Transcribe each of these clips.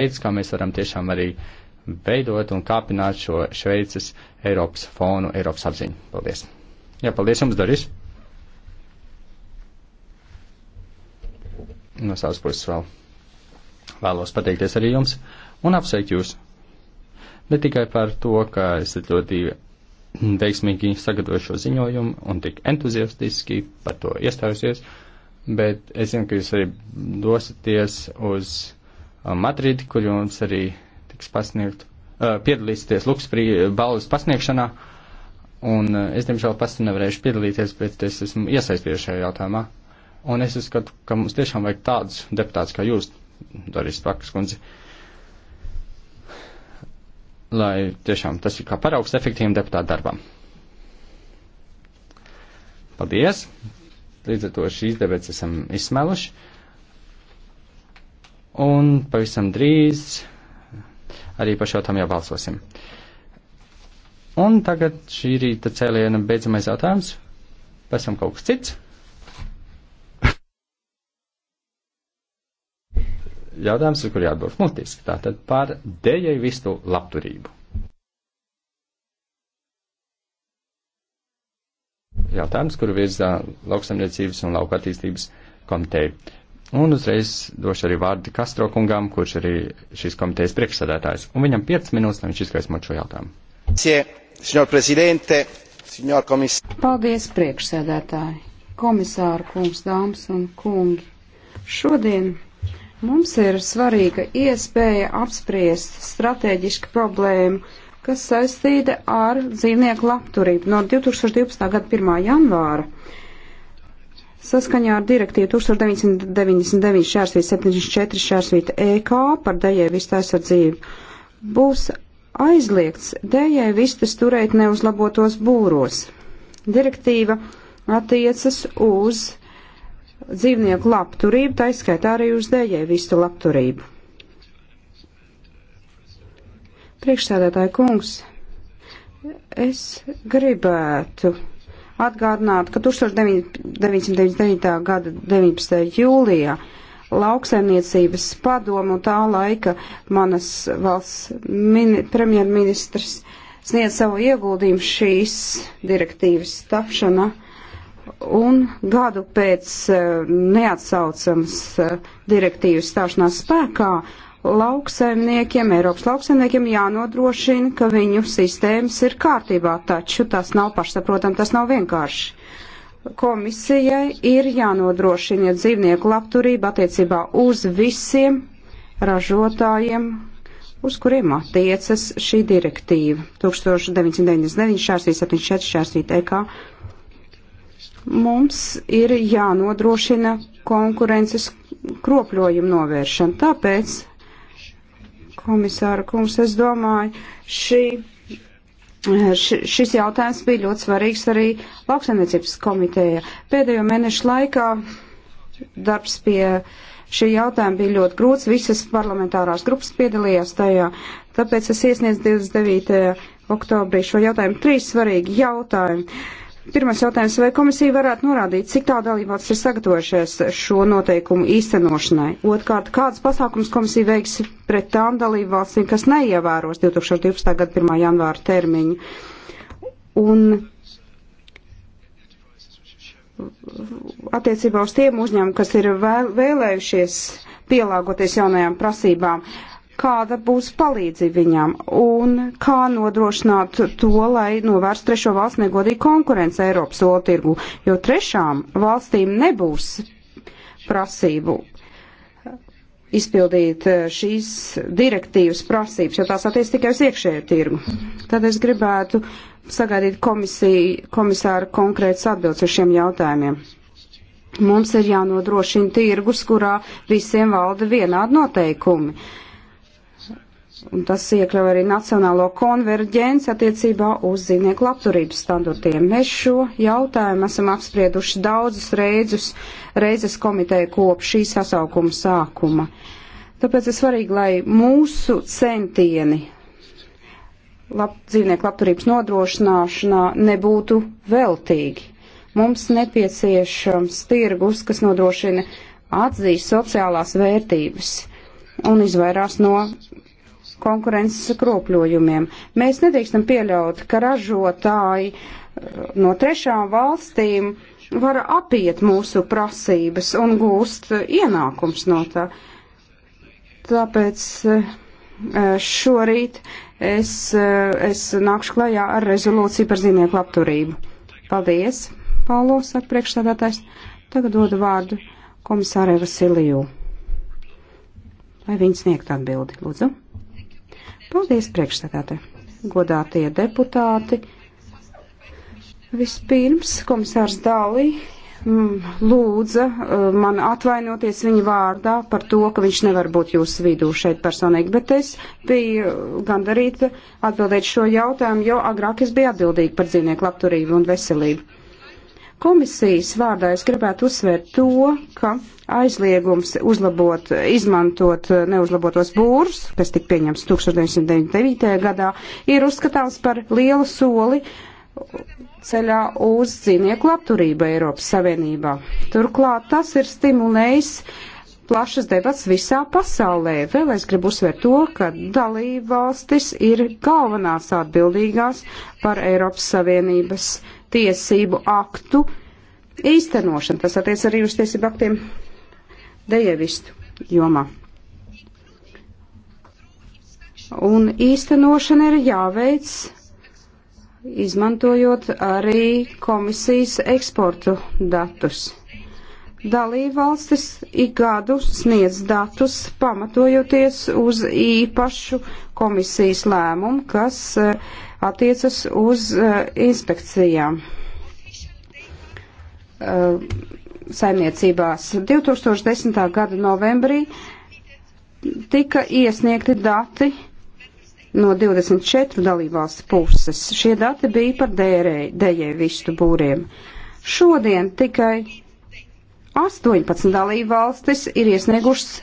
veids, kā mēs varam tiešām arī veidot un kāpināt šo Šveices Eiropas fonu, Eiropas apziņu. Paldies! Jā, paldies jums, Doris! No savas puses vēl vēlos pateikties arī jums un apsveikt jūs. Ne tikai par to, ka esat ļoti veiksmīgi sagatavojuši šo ziņojumu un tik entuziastiski par to iestājusies, bet es zinu, ka jūs arī dosieties uz Madridi, kur jums arī tiks pasniegt, uh, piedalīsieties Luksprī balvas pasniegšanā. Un uh, es, diemžēl, pats nevarēšu piedalīties, bet es esmu iesaistījies šajā jautājumā. Un es uzskatu, ka mums tiešām vajag tādus deputātus kā jūs, Doris Pakas kundze, lai tiešām tas ir kā paraugs efektīviem deputātu darbam. Paldies! Līdz ar to šīs debates esam izsmēluši. Un pavisam drīz arī par šo tam jau balsosim. Un tagad šī rīta cēliena beidzamais jautājums. Pēc tam kaut kas cits. jautājums, uz kur jāatbild multiski, tātad par dēļai vistu labturību. Jautājums, kuru virza lauksamniecības un lauka attīstības komiteja. Un uzreiz došu arī vārdu Kastro kungam, kurš arī šīs komitejas priekšsēdētājs. Un viņam 5 minūtes, lai viņš izgaismot šo jautājumu. Paldies, priekšsēdētāji, komisāru kungs, dāmas un kungi. Šodien mums ir svarīga iespēja apspriest strateģisku problēmu, kas saistīta ar dzīvnieku labturību no 2012. gada 1. janvāra Saskaņā ar direktīvu 1999 šārsvīt 74 šārsvīt EK par dējai vistu aizsardzību būs aizliegts dējai vistas turēt neuzlabotos būros. Direktīva attiecas uz dzīvnieku labturību, tā izskaitā arī uz dējai vistu labturību. Priekšsēdētāji kungs, es gribētu atgādināt, ka 1999. gada 19. jūlijā lauksaimniecības padomu un tā laika manas valsts mini, premjerministrs sniedz savu ieguldījumu šīs direktīvas tapšana un gadu pēc eh, neatsaucams eh, direktīvas stāšanās spēkā lauksaimniekiem, Eiropas lauksaimniekiem jānodrošina, ka viņu sistēmas ir kārtībā, taču tas nav pašsaprotam, tas nav vienkārši. Komisijai ir jānodrošina dzīvnieku labturība attiecībā uz visiem ražotājiem, uz kuriem attiecas šī direktīva 1999-674-6EK. E Mums ir jānodrošina konkurences kropļojumu novēršana, tāpēc Komisāra kungs, es domāju, šī, š, šis jautājums bija ļoti svarīgs arī lauksaimniecības komiteja. Pēdējo mēnešu laikā darbs pie šī jautājuma bija ļoti grūts, visas parlamentārās grupas piedalījās tajā, tāpēc es iesniedzu 29. oktobrī šo jautājumu. Trīs svarīgi jautājumi. Uh, Pirmais jautājums, vai komisija varētu norādīt, cik tā dalībvalsts ir sagatavojušies šo noteikumu īstenošanai? Otkārt, kādas pasākums komisija veiks pret tām dalībvalstīm, kas neievēros 2012. gada 1. janvāra termiņu? Un attiecībā uz tiem uzņēmumiem, kas ir vēlējušies pielāgoties jaunajām prasībām, uh, kāda būs palīdzība viņām un kā nodrošināt to, lai novērstu trešo valstu negodīgu konkurenci Eiropas tirgu, jo trešām valstīm nebūs prasību izpildīt eh, šīs direktīvas prasības, jo tās attiec tikai uz iekšējo tirgu. Tad es gribētu sagaidīt komisiju, komisāru konkrētas atbildes uz šiem jautājumiem. Mums ir jānodrošina tirgus, kurā visiem valda vienādi noteikumi. Uh, Un tas iekļauj arī nacionālo konverģenci attiecībā uz dzīvnieku labturības standartiem. Mēs šo jautājumu esam apsprieduši daudzus reizus, reizes komiteja kopš šī sasaukuma sākuma. Tāpēc ir svarīgi, lai mūsu centieni lab, dzīvnieku labturības nodrošināšanā nebūtu veltīgi. Mums nepieciešams tirgus, kas nodrošina atzīst sociālās vērtības un izvairās no konkurences kropļojumiem. Mēs nedrīkstam pieļaut, ka ražotāji eh, no trešām valstīm var apiet mūsu prasības un gūst eh, ienākums no tā. Tāpēc eh, šorīt es, es nākšu klajā ar rezolūciju par zīmnieku labturību. Paldies, Paulo, saka priekšstādātājs. Tagad dodu vārdu komisārai Vasilijū. Lai viņi sniegtu atbildi, lūdzu. Paldies, priekšstādāte! Godātie deputāti! Vispirms komisārs Dālī mm, lūdza eh, man atvainoties viņa vārdā par to, ka viņš nevar būt jūsu vidū šeit personīgi, bet es biju gandarīta atbildēt šo jautājumu, jo agrāk es biju atbildīga par dzīvnieku labturību un veselību. Komisijas vārdā es gribētu uzsvērt to, ka aizliegums uzlabot, izmantot neuzlabotos būrus, kas tika pieņemts 1999. gadā, ir uzskatāms par lielu soli ceļā uz dzīvnieku labturību Eiropas Savienībā. Turklāt tas ir stimulējis plašas debats visā pasaulē. Vēl es gribu uzsvērt to, ka dalība valstis ir galvenās atbildīgās par Eiropas Savienības tiesību aktu īstenošanu. Tas attiec arī uz tiesību aktiem dejevistu jomā. Un īstenošana ir jāveic, izmantojot arī komisijas eksportu datus. Dalībvalstis ik gadu sniedz datus, pamatojoties uz īpašu komisijas lēmumu, kas uh, attiecas uz eh, inspekcijām eh, saimniecībās. 2010. gada novembrī tika iesniegti dati no 24 dalībvalstu puses. Šie dati bija par dējēju vistu būriem. Šodien tikai 18 dalībvalstis ir iesniegušas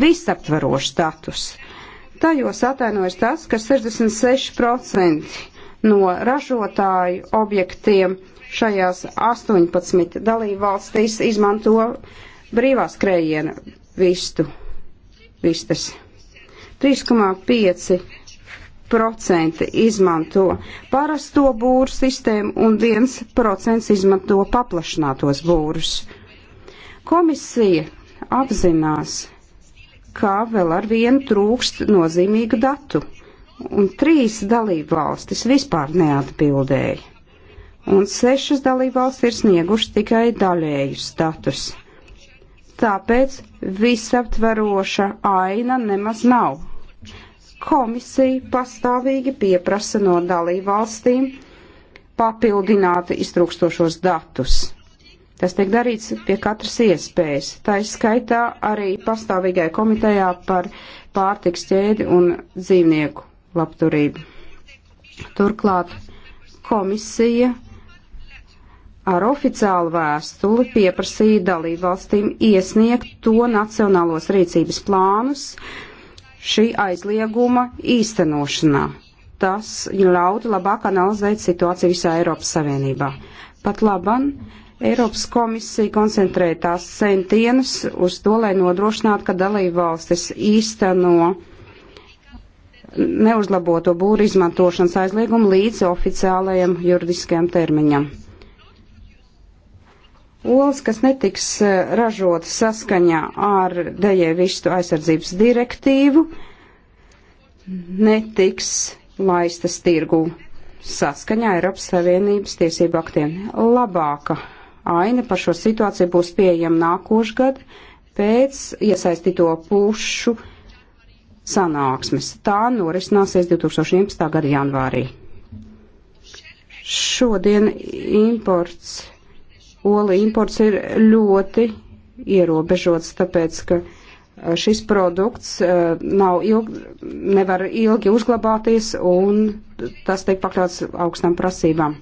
visaptvarošu status. Tajos atainojas tas, ka 66% no ražotāju objektiem šajās 18 dalībvalstīs izmanto brīvās krējiena vistu, vistas. 3,5 1% izmanto parasto būru sistēmu un 1% izmanto paplašinātos būrus. Komisija apzinās, ka vēl ar vienu trūkst nozīmīgu datu, un trīs dalību valstis vispār neatbildēja, un sešas dalību valstis ir snieguši tikai daļējus datus. Tāpēc visaptveroša aina nemaz nav. Komisija pastāvīgi pieprasa no dalību valstīm papildināt iztrūkstošos datus Tas tiek darīts pie katras iespējas. Tā ir skaitā arī pastāvīgai komitejā par pārtiks ķēdi un dzīvnieku labturību. Turklāt komisija ar oficiālu vēstuli pieprasīja dalībvalstīm iesniegt to nacionālos rīcības plānus šī aizlieguma īstenošanā. Tas ļautu labāk analizēt situāciju visā Eiropas Savienībā. Pat laban Eiropas komisija koncentrē tās centienus uz to, lai nodrošinātu, ka dalībvalstis īsteno neuzlaboto būru izmantošanas aizliegumu līdz oficiālajam juridiskajam termiņam. Olas, kas netiks eh, ražotas saskaņā ar dejēvistu aizsardzības direktīvu, netiks laistas tirgū saskaņā Eiropas Savienības tiesību aktiem. Labāka aina par šo situāciju būs pieejama nākošgad pēc iesaistīto pušu sanāksmes. Tā norisināsies 2011. gada janvārī. Šodien imports, oli imports ir ļoti ierobežots, tāpēc, ka e, šis produkts e, nav ilg, nevar ilgi uzglabāties un tas tiek pakļauts augstām prasībām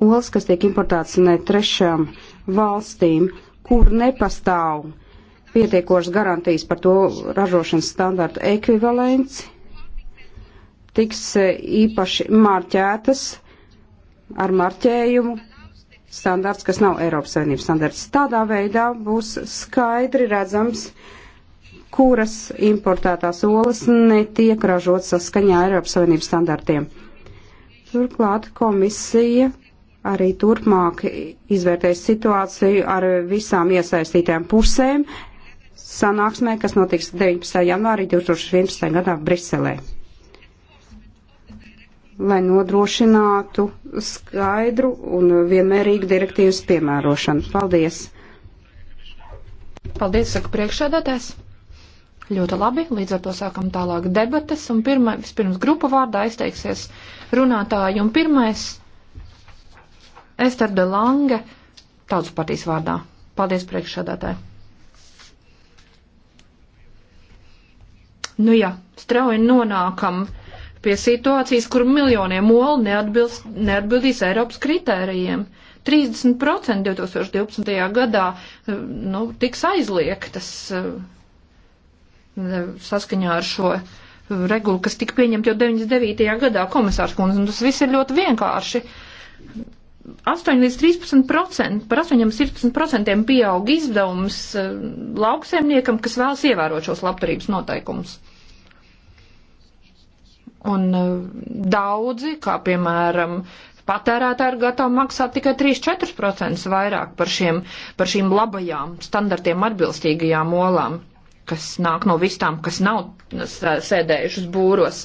olas, kas tiek importētas ne trešām valstīm, kur nepastāv pietiekošas garantijas par to ražošanas standartu ekvivalents, tiks e, īpaši marķētas ar marķējumu standarts, kas nav Eiropas Savienības standarts. Tādā veidā būs skaidri redzams, kuras importētās olas netiek ražotas saskaņā Eiropas Savienības standartiem. Turklāt komisija arī turpmāk izvērtēs situāciju ar visām iesaistītām pusēm sanāksmē, kas notiks 19. janvārī 2011. gadā Briselē. Lai nodrošinātu skaidru un vienmērīgu direktīvas piemērošanu. Paldies! Paldies, saka priekšsēdētājs. Ļoti labi, līdz ar to sākam tālāk debates, un pirmā, vispirms grupu vārdā izteiksies runātāji, un pirmais Ester de Lange, tautas partijas vārdā. Paldies priekšsādātāji. Nu jā, strauji nonākam pie situācijas, kur miljoniem olu neatbildīs Eiropas kritērijiem. 30% 2012. gadā eh, nu, tiks aizliegtas eh, saskaņā ar šo regulu, kas tika pieņemta jau 99. gadā komisārs kundze. Tas viss ir ļoti vienkārši. 8 līdz 13 procenti, par 8 līdz 13 procentiem pieaug izdevums eh, lauksēmniekam, kas vēlas ievērot šos labturības noteikumus. Un eh, daudzi, kā piemēram, patērētāji ir gatavi maksāt tikai 3-4% vairāk par, šiem, par šīm labajām, standartiem atbilstīgajām olām, kas nāk no vistām, kas nav sēdējušas būros.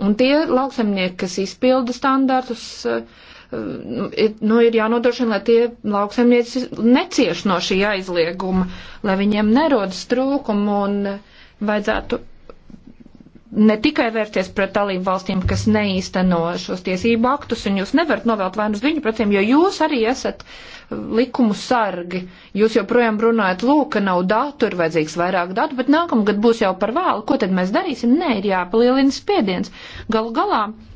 Un tie lauksemnieki, kas izpilda standartus, uh, Nu, nu, ir jānodrošina, lai tie lauksaimnieci necieš no šī aizlieguma, lai viņiem nerodas trūkumu un vajadzētu ne tikai vērsties pret dalību valstīm, kas neīsteno šos tiesību aktus, un jūs nevarat novelt vainu uz viņu pretiem, jo jūs arī esat uh, likumu sargi. Jūs joprojām runājat, lūk, ka nav datu, ir vajadzīgs vairāk datu, bet nākamgad būs jau par vēlu. Ko tad mēs darīsim? Nē, ir jāpalielina spiediens. Galu galā. galā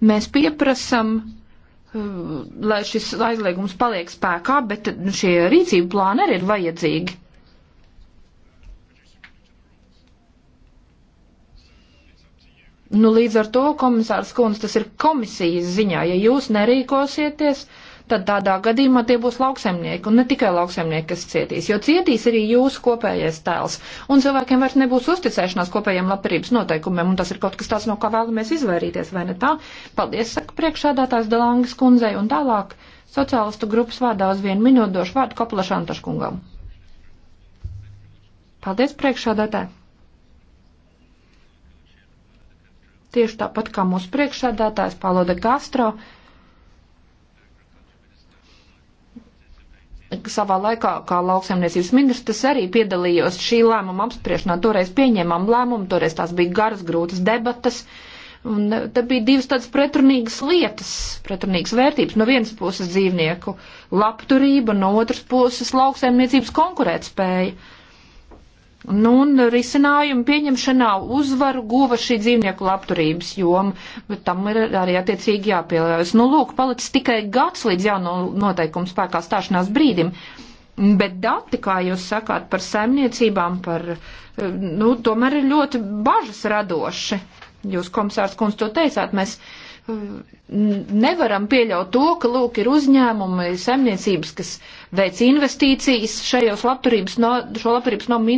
Mēs pieprasam, uh, lai šis aizliegums paliek spēkā, bet šie rīcību plāni arī ir vajadzīgi. Nu, līdz ar to, komisārs Kunz, tas ir komisijas ziņā. Ja jūs nerīkosieties, uh, tad tādā gadījumā tie būs lauksemnieki, un ne tikai lauksemnieki, kas cietīs, jo cietīs arī jūsu kopējais tēls, un cilvēkiem vairs nebūs uzticēšanās kopējiem labdarības noteikumiem, un tas ir kaut kas tāds, no kā vēlamies izvairīties, vai ne tā? Paldies, saka priekšādātājs Delangas kundzei, un tālāk sociālistu grupas vārdā uz vienu minūtu došu vārdu Koplašantaškungam. Paldies, priekšādātāji! Tieši tāpat kā mūsu priekšsēdētājs Paloda Gastro, savā laikā, kā lauksaimniecības ministrs, arī piedalījos šī lēmuma apspriešanā. Toreiz pieņēmām lēmumu, toreiz tās bija garas, grūtas debatas. Un eh, te bija divas tādas pretrunīgas lietas, pretrunīgas vērtības. No vienas puses dzīvnieku labturība, no otras puses lauksaimniecības konkurētspēja. spēja Nu, un risinājumu pieņemšanā uzvaru guva šī dzīvnieku labturības joma, bet tam ir arī attiecīgi jāpielāgojas. Nu, lūk, palicis tikai gads līdz jauno noteikumu spēkā stāšanās brīdim, bet dati, kā jūs sakāt, par saimniecībām, par, nu, tomēr ir ļoti bažas radoši. Jūs, komisārs Kunst, to teicāt, mēs nevaram pieļaut to, ka, lūk, ir uzņēmumi, saimniecības, kas veic investīcijas šajos labturības, no, šo labturības normu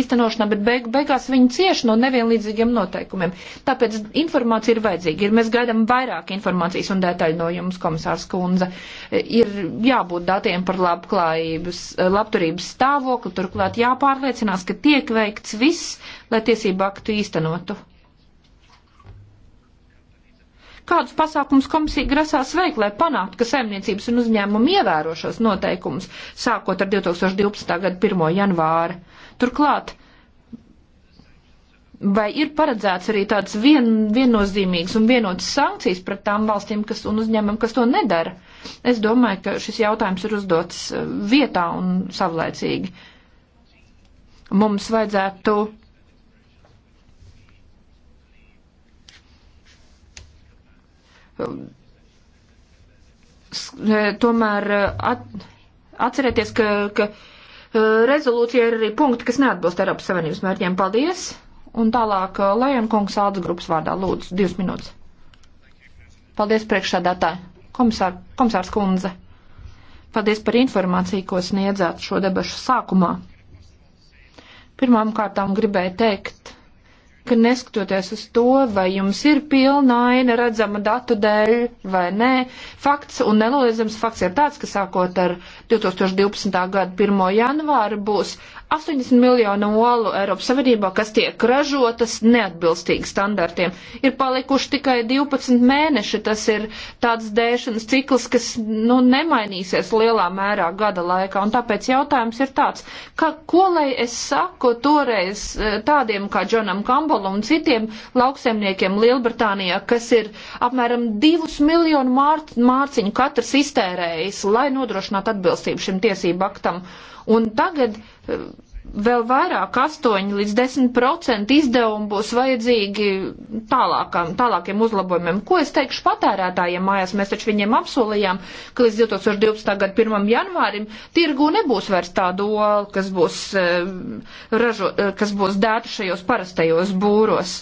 īstenošanā, bet beig, beigās viņi cieši no nevienlīdzīgiem noteikumiem. Tāpēc informācija ir vajadzīga. Ir, mēs gaidām vairāk informācijas un detaļu no jums, komisārs Kunze. Ir jābūt datiem par labklājības, labturības stāvokli, turklāt jāpārliecinās, ka tiek veikts viss, lai tiesību aktu īstenotu. Kādus pasākums komisija grasās veikt, lai panāktu, ka saimniecības un uzņēmumi ievēro šos noteikumus, sākot ar 2012. gada 1. janvāri? Turklāt, vai ir paredzēts arī tāds vien, viennozīmīgs un vienots sankcijas pret tām valstīm kas, un uzņēmumiem, kas to nedara? Es domāju, ka šis jautājums ir uzdots eh, vietā un savlaicīgi. Mums vajadzētu tomēr at, atcerieties, ka, ka e, rezolūcija ir arī punkti, kas neatbilst Eiropas Savienības mērķiem. Paldies! Un tālāk e, Lajan kungs ādas grupas vārdā lūdzu divas minūtes. Paldies priekšsādātāji. Komisār, komisārs kundze. Paldies par informāciju, ko sniedzāt šo debašu sākumā. Pirmām kārtām gribēju teikt, ka neskatoties uz to, vai jums ir pilna aina redzama datu dēļ vai nē, fakts un nenoliedzams fakts ir tāds, ka sākot ar 2012. gada 1. janvāru būs 80 miljonu olu Eiropas Savienībā, kas tiek ražotas neatbilstīgi standartiem. Ir palikuši tikai 12 mēneši, tas ir tāds dēšanas cikls, kas nu, nemainīsies lielā mērā gada laikā. Un tāpēc jautājums ir tāds, ka, ko lai es saku toreiz eh, tādiem kā Džonam Kampalam, Kola un citiem lauksemniekiem Lielbritānijā, kas ir apmēram divus miljonu mār mārciņu katrs iztērējis, lai nodrošinātu atbilstību šim tiesību aktam. Un tagad eh, vēl vairāk, 8 līdz 10 procenti izdevumi būs vajadzīgi tālākam, tālākiem uzlabojumiem. Ko es teikšu patērētājiem mājās? Mēs taču viņiem apsolījām, ka līdz 2012. gada 1. janvārim tirgu nebūs vairs tādu olu, kas būs, eh, ražo, eh, kas būs dēta šajos parastajos būros.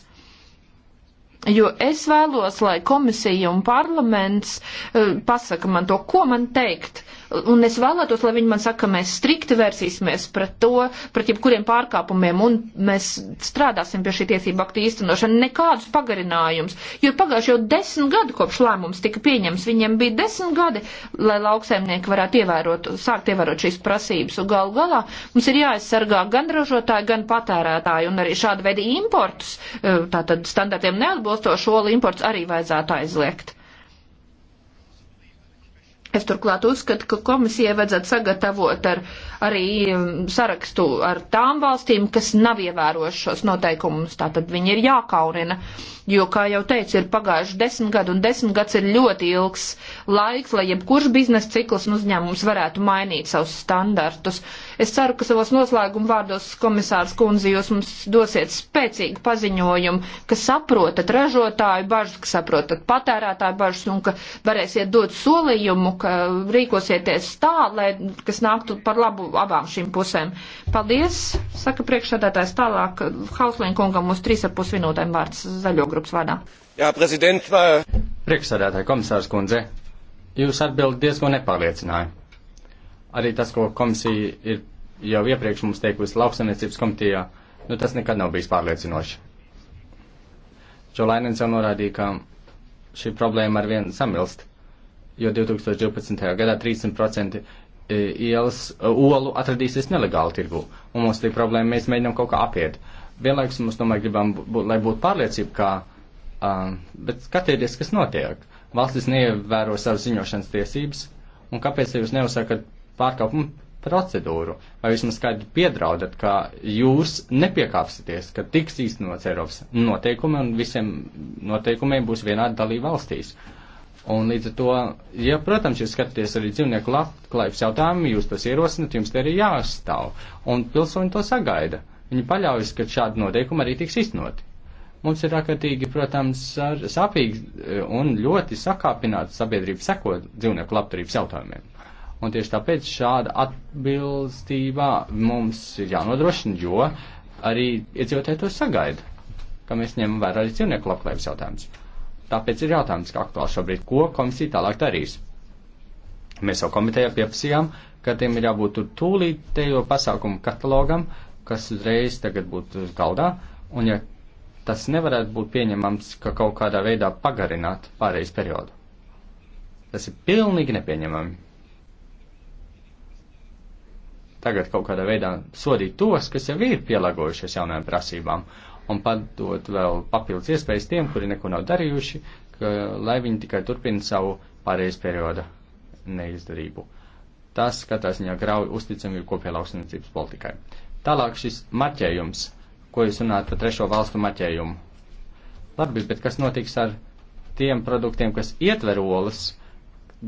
Jo es vēlos, lai komisija un parlaments eh, pasaka man to, ko man teikt un es vēlētos, lai viņi man saka, ka mēs strikti vērsīsimies pret to, pret jebkuriem pārkāpumiem, un mēs strādāsim pie šī tiesību aktu īstenošana. Nekādus pagarinājumus, jo pagājuši jau desmit gadi kopš lēmums tika pieņems, viņiem bija desmit gadi, lai lauksēmnieki varētu ievērot, sākt ievērot šīs prasības, un galu galā mums ir jāaizsargā gan ražotāji, gan patērētāji, un arī šāda veida importus, eh, tātad standartiem neatbilstošo importus arī vajadzētu aizliegt. Es turklāt uzskatu, ka komisijai vajadzētu sagatavot ar, arī mm, sarakstu ar tām valstīm, kas nav ievērojušas šos noteikumus. Tātad viņi ir jākaurina. Uh, jo, kā jau teicu, ir pagājuši desmit gadi, un desmit gads ir ļoti ilgs laiks, lai jebkurš biznesa cikls un uzņēmums varētu mainīt savus standartus. Es ceru, ka savos noslēguma vārdos, komisārs Kunzi, jūs mums dosiet spēcīgu paziņojumu, ka saprotat ražotāju bažas, ka saprotat patērētāju bažas, un ka varēsiet dot solījumu, ka rīkosieties tā, lai, kas nāktu par labu abām šīm pusēm. Paldies, saka priekšsēdētājs tālāk, Hauslīnkungam uz trīs ar pus minūtēm vārds zaļo grupu grupas vārdā. Jā, prezident. Priekšsādātāja komisārs kundze, jūs atbildi diezgan nepārliecināja. Arī tas, ko komisija ir jau iepriekš mums teikusi lauksaimniecības komitejā, nu tas nekad nav bijis pārliecinoši. Čolainens jau norādīja, ka šī problēma ar vienu samilst, jo 2012. gadā 30% e, ielas e, olu atradīsies nelegāli tirgu, un mums šī problēma mēs mēģinām kaut kā apiet. Uh, vienlaikus mums, domāju, gribam, būt, lai būtu pārliecība, ka, um, bet skatieties, kas notiek. Valstis neievēro savas ziņošanas tiesības, un kāpēc jūs neuzsakat pārkāpumu procedūru, vai vismaz skaidri piedraudat, ka jūs nepiekāpsieties, ka tiks īstenots Eiropas noteikumi un visiem noteikumiem būs vienādi dalība valstīs. Un līdz ar to, ja, protams, jūs skatāties arī dzīvnieku labklājības jautājumu, jūs tos ierosinat, jums te arī jāstāv, un pilsoņi to sagaida. Uh, Viņi paļaujas, ka šādi noteikumi arī tiks iznoti. Mums ir ārkārtīgi, protams, sāpīgi e, un ļoti sakāpināta sabiedrība sekot dzīvnieku labturības jautājumiem. Un tieši tāpēc šāda atbilstībā mums ir jānodrošina, jo arī iedzīvotāji to sagaida, ka mēs ņemam vērā arī dzīvnieku labklājības jautājumus. Tāpēc ir jautājums, kā aktuāls šobrīd, ko komisija tālāk darīs. Mēs jau komitejā pieprasījām, ka tiem ir jābūt tur tūlītējo pasākumu katalogam, uh, kas uzreiz tagad būtu uz galdā, un ja tas nevarētu būt pieņemams, ka kaut kādā veidā pagarināt pārējais periodu. Tas ir pilnīgi nepieņemami. Tagad kaut kādā veidā sodīt tos, kas jau ir pielāgojušies jaunajām prasībām, un padot vēl papildus iespējas tiem, kuri neko nav darījuši, ka, lai viņi tikai turpina savu pārējais perioda neizdarību. Tas, katrā ziņā, grauj uzticamību kopējā lauksniecības politikai. Tālāk šis marķējums, ko jūs runājat par trešo valstu marķējumu. Labi, bet kas notiks ar tiem produktiem, kas ietver olas,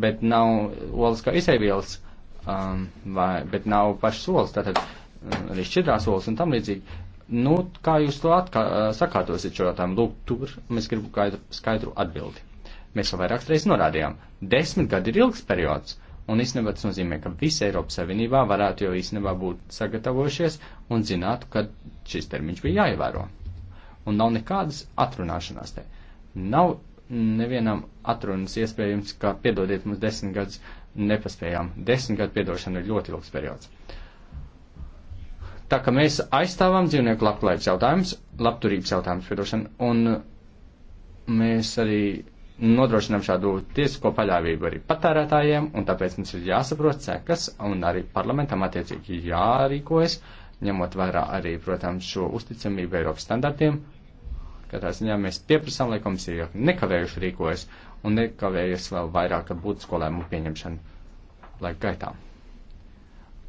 bet nav olas kā izēvielas, um, vai, bet nav pašas olas, tātad um, arī šķidrās olas un tam līdzīgi. Nu, kā jūs to atkā, uh, sakārtosiet šo jautājumu? Lūk, tur mēs gribam skaidru, skaidru atbildi. Mēs jau vairākas reizes norādījām. Desmit gadi ir ilgs periods. Uh, Un īstenībā tas nozīmē, ka visa Eiropas Savienībā varētu jau īstenībā būt sagatavojušies un zinātu, ka šis termiņš bija jāievēro. Un nav nekādas atrunāšanās te. Nav nevienam atrunas iespējams, ka piedodiet mums desmit gadus nepaspējām. Desmit gadu piedošana ir ļoti ilgs periods. Tā kā mēs aizstāvām dzīvnieku labklājības jautājumus, labturības jautājumus, piedošanu, un mēs arī nodrošinām šādu tiesisko paļāvību arī patērētājiem, un tāpēc mums ir jāsaprot sekas, un arī parlamentam attiecīgi jārīkojas, ņemot vērā arī, protams, šo uzticamību Eiropas standartiem. Katrā ziņā mēs pieprasām, lai komisija nekavējuši rīkojas un nekavējas vēl vairāk ar būtisko lēmumu pieņemšanu laika gaitā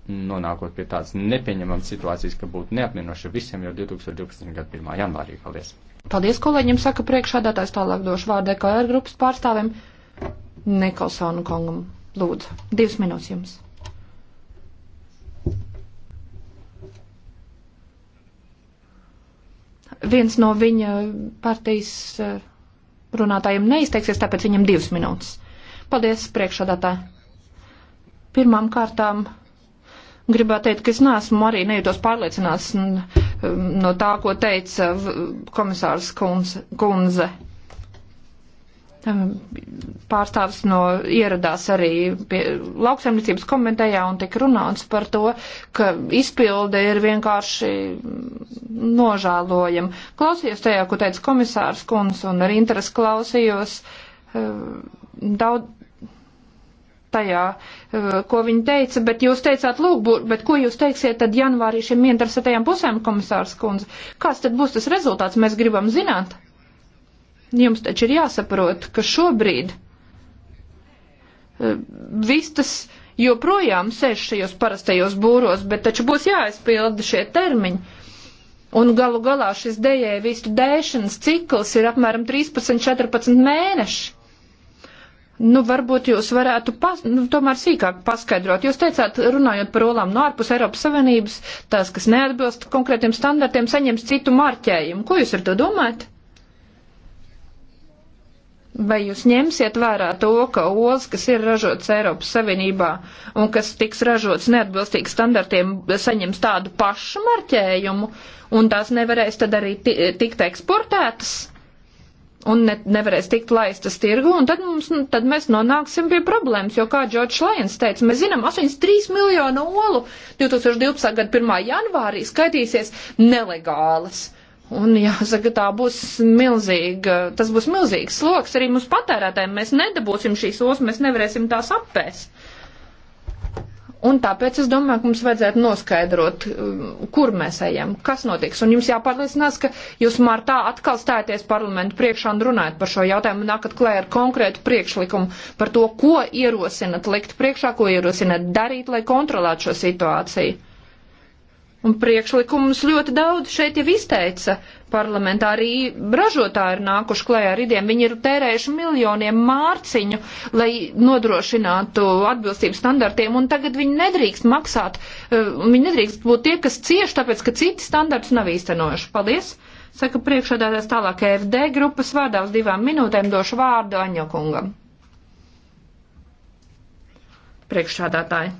nonākot pie tādas nepieņemamas situācijas, ka būtu neapmienoši visiem jau 2012. gada 1. janvārī. Paldies! Paldies, kolēģim, saka priekšādātājs tālāk došu vārdu EKR grupas pārstāvim Nikolsonu Kongam. Lūdzu, divas minūtes jums. Viens no viņa partijas eh, runātājiem neizteiksies, tāpēc viņam divas minūtes. Paldies, priekšādātāji. Pirmām kārtām Gribētu teikt, ka es neesmu arī nejūtos pārliecināts no tā, ko teica komisārs Kunze. Pārstāvs no ieradās arī pie lauksaimniecības komitejā un tika runāts par to, ka izpilde ir vienkārši nožēlojama. Klausījos tajā, ko teica komisārs Kunze, un ar interesi klausījos eh, daudz tajā, eh, ko viņi teica, bet jūs teicāt, lūk, bet ko jūs teiksiet tad janvārī šiem interesētajām pusēm, komisārs kundze? Kāds tad būs tas rezultāts, mēs gribam zināt? Jums taču ir jāsaprot, ka šobrīd eh, vistas joprojām sēž šajos parastajos būros, bet taču būs jāaizpilda šie termiņi. Un galu galā šis dējēvistu dēšanas cikls ir apmēram 13-14 mēneši. Nu, varbūt jūs varētu pas, nu, tomēr sīkāk paskaidrot. Jūs teicāt, runājot par olām no ārpus Eiropas Savienības, tās, kas neatbilst konkrētiem standartiem, saņems citu marķējumu. Ko jūs ar to domājat? Vai jūs ņemsiet vērā to, ka olas, kas ir ražotas Eiropas Savienībā un kas tiks ražotas neatbilstīgi standartiem, saņems tādu pašu marķējumu un tās nevarēs tad arī tikt eksportētas? un ne, nevarēs tikt laistas tirgu, un tad, mums, nu, tad mēs nonāksim pie problēmas, jo, kā Džordžs Lajens teica, mēs zinām, 83 miljonu olu 2012. gada 1. janvārī skaitīsies nelegālas. Un jāsaka, tā būs milzīga, tas būs milzīgs sloks arī mums patērētājiem. Mēs nedabūsim šīs olas, mēs nevarēsim tās apēst. Un tāpēc es domāju, ka mums vajadzētu noskaidrot, um, kur mēs ejam, kas notiks. Un jums jāpārliecinās, ka jūs martā atkal stājaties parlamentu priekšā un runājat par šo jautājumu, nākat klē ar konkrētu priekšlikumu par to, ko ierosinat likt priekšā, ko ierosinat darīt, lai kontrolētu šo situāciju. Un priekšlikumus ļoti daudz šeit jau izteica parlamentā. Arī ražotāji ir nākuši klējā ar idiem. Viņi ir tērējuši miljoniem mārciņu, lai nodrošinātu atbilstību standartiem, un tagad viņi nedrīkst maksāt, eh, viņi nedrīkst būt tie, kas cieši, tāpēc, ka citi standarts nav īstenojuši. Paldies! Saka priekšādātājs tālāk FD grupas vārdā uz divām minūtēm došu vārdu Aņokungam. Priekšādātāji.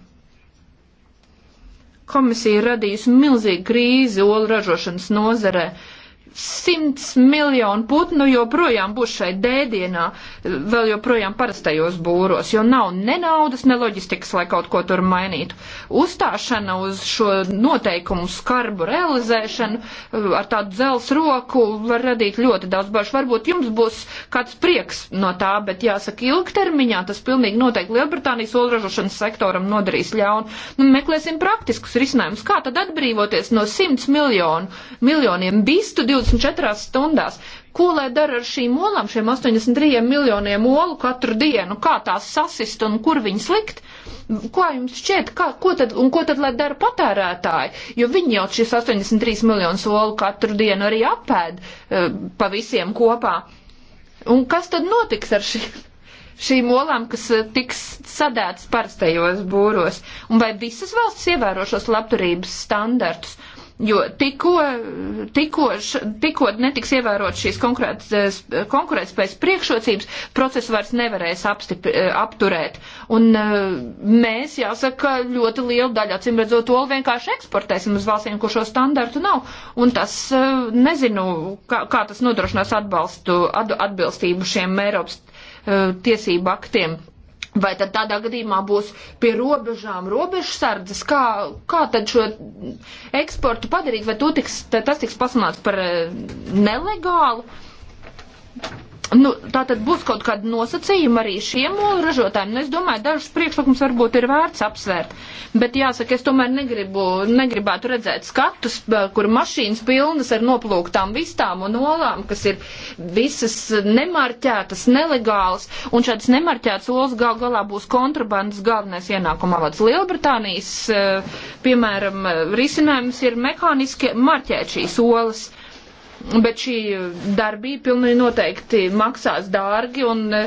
Komisija radījusi milzīgu krīzi olu ražošanas nozarē. Uh, simts miljonu putnu nu joprojām būs šai dēdienā, vēl joprojām parastajos būros, jo nav ne naudas, ne loģistikas, lai kaut ko tur mainītu. Uzstāšana uz šo noteikumu skarbu realizēšanu eh, ar tādu dzels roku var radīt ļoti daudz bažu. Varbūt jums būs kāds prieks no tā, bet jāsaka, ilgtermiņā tas pilnīgi noteikti Lielbritānijas olražošanas sektoram nodarīs ļaunu. Nu, meklēsim praktiskus risinājumus. Kā tad atbrīvoties no simts miljonu, miljoniem bistu 20? 24 stundās. Ko lai dara ar šīm olām, šiem 83 miljoniem olu katru dienu? Kā tās sasist un kur viņas likt? Kā jums šķiet, kā, ko tad, un ko tad lai dara patērētāji? Jo viņi jau šis 83 miljonus olu katru dienu arī apēd eh, pa visiem kopā. Un kas tad notiks ar šīm? šīm olām, kas eh, tiks sadētas parastajos būros? Un vai visas valsts ievēro šos labturības standartus? Jo tikko, tikko, tikko netiks ievērot šīs konkurētspējas priekšrocības, procesu vairs nevarēs apstipri, e, apturēt. Un e, mēs, jāsaka, ļoti lielu daļu, acīm redzot, olu vienkārši eksportēsim uz valstīm, kur šo standartu nav. Un tas, e, nezinu, kā, kā tas nodrošinās atbalstu, atbilstību šiem Eiropas tiesību aktiem. Vai tad tādā gadījumā būs pie robežām robežsardzes? Kā, kā tad šo eksportu padarīt? Vai tiks, tas tiks pasunāts par eh, nelegālu? Nu, tā tad būs kaut kāda nosacījuma arī šiem olu ražotājiem. Nu, es domāju, dažus priekšlikums varbūt ir vērts apsvērt. Bet jāsaka, es tomēr negribu, negribētu redzēt skatus, kur mašīnas pilnas ar noplūktām vistām un olām, kas ir visas nemarķētas, nelegālas. Un šāds nemarķēts olas gal galā būs kontrabandas galvenais ienākuma avots. Lielbritānijas, eh, piemēram, risinājums ir mehāniski marķēt šīs olas bet šī darbība pilnīgi noteikti maksās dārgi, un e,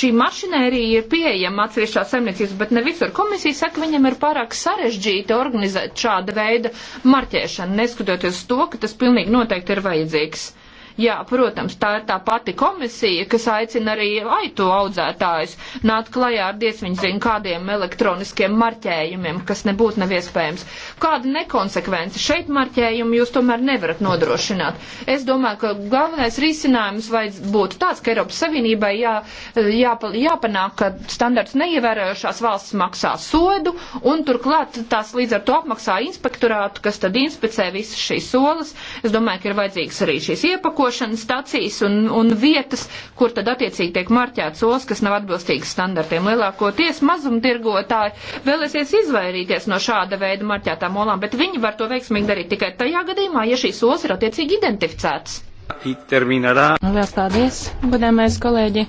šī mašinērija ir pieejama atsevišķās saimniecības, bet ne visur. Komisija saka, viņam ir pārāk sarežģīti organizēt šāda veida marķēšanu, neskatoties to, ka tas pilnīgi noteikti ir vajadzīgs. Jā, protams, tā ir tā pati komisija, kas aicina arī aitu audzētājus nākt klajā ar diezviņu zinu kādiem elektroniskiem marķējumiem, kas nebūtu nav iespējams. Kāda nekonsekvence šeit marķējumu jūs tomēr nevarat nodrošināt? Es domāju, ka galvenais risinājums vajadz būtu tāds, ka Eiropas Savienībai jā, jā, jāpanāk, ka standarts neievērojošās valsts maksā sodu un turklāt tās līdz ar to apmaksā inspektorātu, kas tad inspicē visas šīs solas. Es domāju, ka ir vajadzīgs arī šīs iepakojums tulkošanas stacijas un, un vietas, kur tad attiecīgi tiek marķēts olas, kas nav atbilstīgas standartiem. Lielākoties mazumtirgotāji vēlēsies izvairīties no šāda veida marķētām olām, bet viņi var to veiksmīgi darīt tikai tajā gadījumā, ja šīs olas ir attiecīgi identificētas. Lielas paldies, godāmais kolēģi.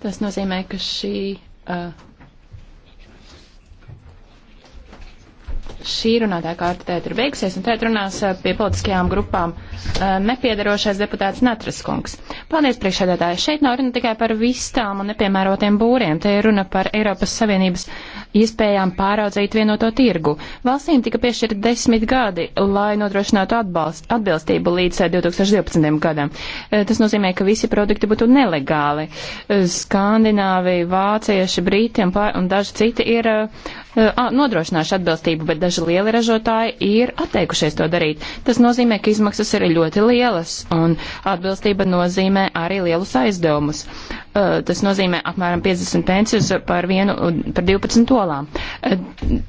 Tas nozīmē, ka šī. Uh, šī runātāja kārta tēt ir beigusies, un tēt runās eh, pie politiskajām grupām eh, nepiedarošais deputāts Natraskungs. Paldies, priekšsēdētāji. Šeit nav runa tikai par vistām un nepiemērotiem būriem, te ir runa par Eiropas Savienības iespējām pāraudzīt vienoto tirgu. Valstīm tika piešķirta desmit gadi, lai nodrošinātu atbalst, atbilstību līdz 2012. Eh, gadam. Tas nozīmē, ka visi produkti būtu nelegāli. Skandināvi, vācieši, brīti un, pār, un daži citi ir uh, Eh, nodrošināšu atbilstību, bet daži lieli ražotāji ir atteikušies to darīt. Tas nozīmē, ka izmaksas ir ļoti lielas, un atbilstība nozīmē arī lielus aizdevumus. Eh, tas nozīmē apmēram 50 pensijas par, vienu, par 12 olām. Eh,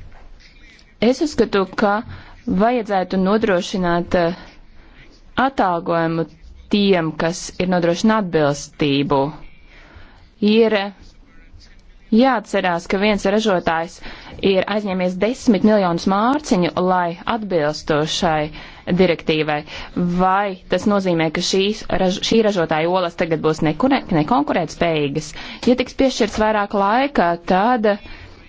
es uzskatu, ka vajadzētu nodrošināt atalgojumu tiem, kas ir nodrošina atbilstību. Ir Jāatcerās, ka viens ražotājs ir aizņēmies desmit miljonus mārciņu, lai atbilstu šai direktīvai. Vai tas nozīmē, ka šīs, raž, šī ražotāja olas tagad būs nekonkurētspējīgas? Ne ja tiks piešķirts vairāk laika, tad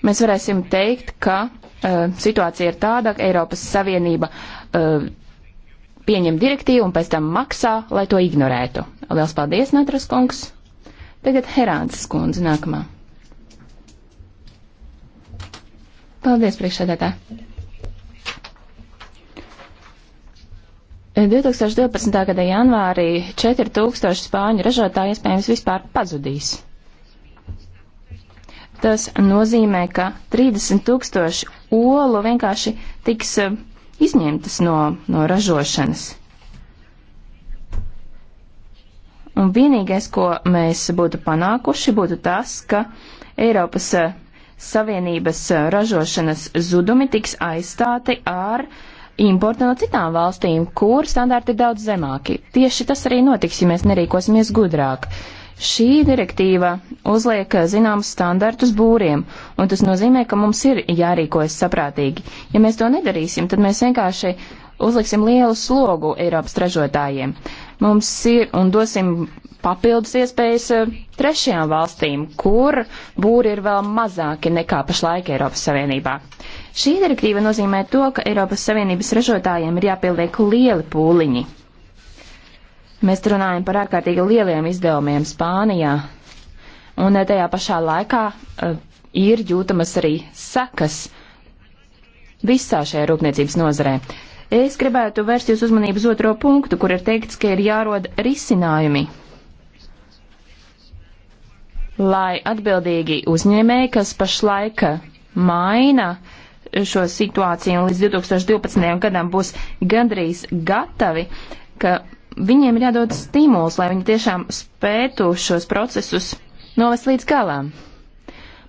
mēs varēsim teikt, ka uh, situācija ir tāda, ka Eiropas Savienība uh, pieņem direktīvu un pēc tam maksā, lai to ignorētu. Liels paldies, Natras kungs! Tagad Herāns skundze nākamā. Paldies, priekšsēdētā. 2012. gada janvārī 4000 spāņu ražotāji iespējams vispār pazudīs. Tas nozīmē, ka 30 tūkstoši olu vienkārši tiks eh, izņemtas no, no ražošanas. Un vienīgais, ko mēs būtu panākuši, būtu tas, ka Eiropas eh, Savienības eh, ražošanas zudumi tiks aizstāti ar importu no citām valstīm, kur standarti ir daudz zemāki. Tieši tas arī notiks, ja mēs nerīkosimies gudrāk. Šī direktīva uzliek eh, zināmus standartus būriem, un tas nozīmē, ka mums ir jārīkojas saprātīgi. Ja mēs to nedarīsim, tad mēs vienkārši uzliksim lielu slogu Eiropas ražotājiem. Mums ir un dosim papildus iespējas eh, trešajām valstīm, kur būri ir vēl mazāki nekā pašlaik Eiropas Savienībā. Šī direktīva nozīmē to, ka Eiropas Savienības ražotājiem ir jāpieliek lieli pūliņi. Mēs runājam par ārkārtīgi lieliem izdevumiem Spānijā, un eh, tajā pašā laikā uh, ir jūtamas arī sekas visā šajā rūpniecības nozarē. Es gribētu vērst jūs uzmanību uz otro punktu, kur ir teikts, ka ir jārod risinājumi lai atbildīgi uzņēmēji, kas pašlaik maina šo situāciju un līdz 2012. gadam būs gandrīz gatavi, ka viņiem ir jādod stimuls, lai viņi tiešām spētu šos procesus novest līdz galām.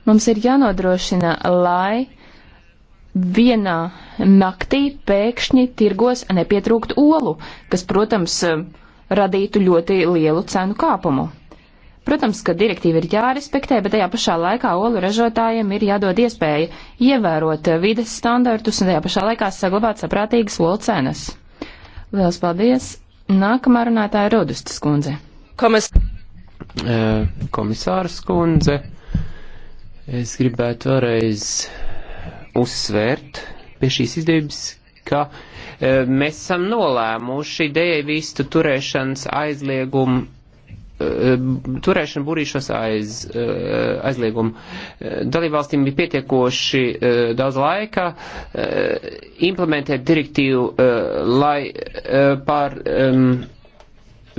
Mums ir jānodrošina, lai vienā naktī pēkšņi tirgos nepietrūkt olu, kas, protams, radītu ļoti lielu cenu kāpumu. Protams, ka direktīva ir jārespektē, bet tajā pašā laikā olu ražotājiem ir jādod iespēja ievērot vides standartus un tajā pašā laikā saglabāt saprātīgas olu cenas. Lielas paldies! Nākamā runātāja Rodustas kundze. Komis e, Komisārs kundze, es gribētu vēlreiz uzsvērt pie šīs izdevības, ka e, mēs esam nolēmuši dejevistu turēšanas aizliegumu Eh, turēšana burīšos aiz, eh, aizliegumu. Eh, dalībvalstīm bija pietiekoši daudz laika implementēt direktīvu, lai pār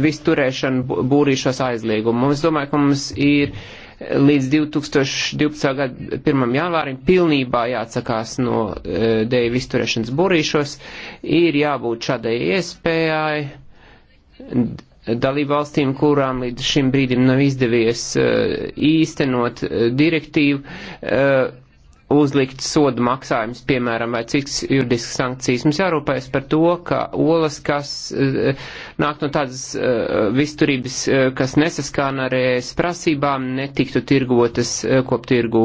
visu turēšanu būrīšos aizliegumu. Es domāju, ka mums ir līdz 2012. gada 1. janvārim pilnībā jāatsakās no dēļ visu turēšanas būrīšos. Ir jābūt šādai iespējai dalībvalstīm, kurām līdz šim brīdim nav izdevies eh, īstenot eh, direktīvu, eh, uzlikt sodu maksājumus, piemēram, vai citas juridiskas sankcijas. Mums jārūpējas par to, ka olas, kas nāk no tādas visturības, kas nesaskārna ar ES prasībām, netiktu tirgotas koptirgū.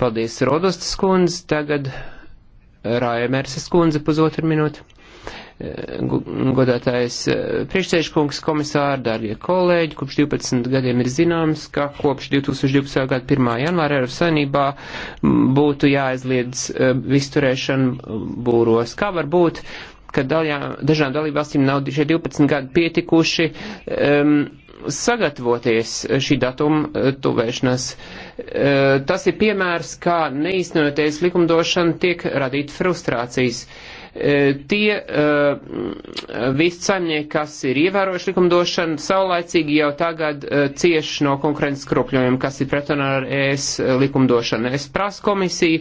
Paldies, Rodostas kundze. Tagad Rājemērses kundze pusotru minūtu. Eh, godātais eh, priekšsēžkungs, komisāri, dārgie kolēģi, kopš 12 gadiem ir zināms, ka kopš 2012. gada 1. janvāra Eiropas Savienībā būtu jāaizliedz eh, visturēšana būros. Kā var būt, ka daļā, dažām dalībvalstīm nav šie 12 gadi pietikuši? Um, sagatavoties šī datuma tuvēšanas. Tas ir piemērs, kā neiznojoties likumdošana tiek radīt frustrācijas. Uh, E, tie e, visi saimnieki, kas ir ievērojuši likumdošanu, saulaicīgi jau tagad e, cieši no konkurences kropļojumiem, kas ir pretrunā ar ES likumdošanu. Es prasu komisiju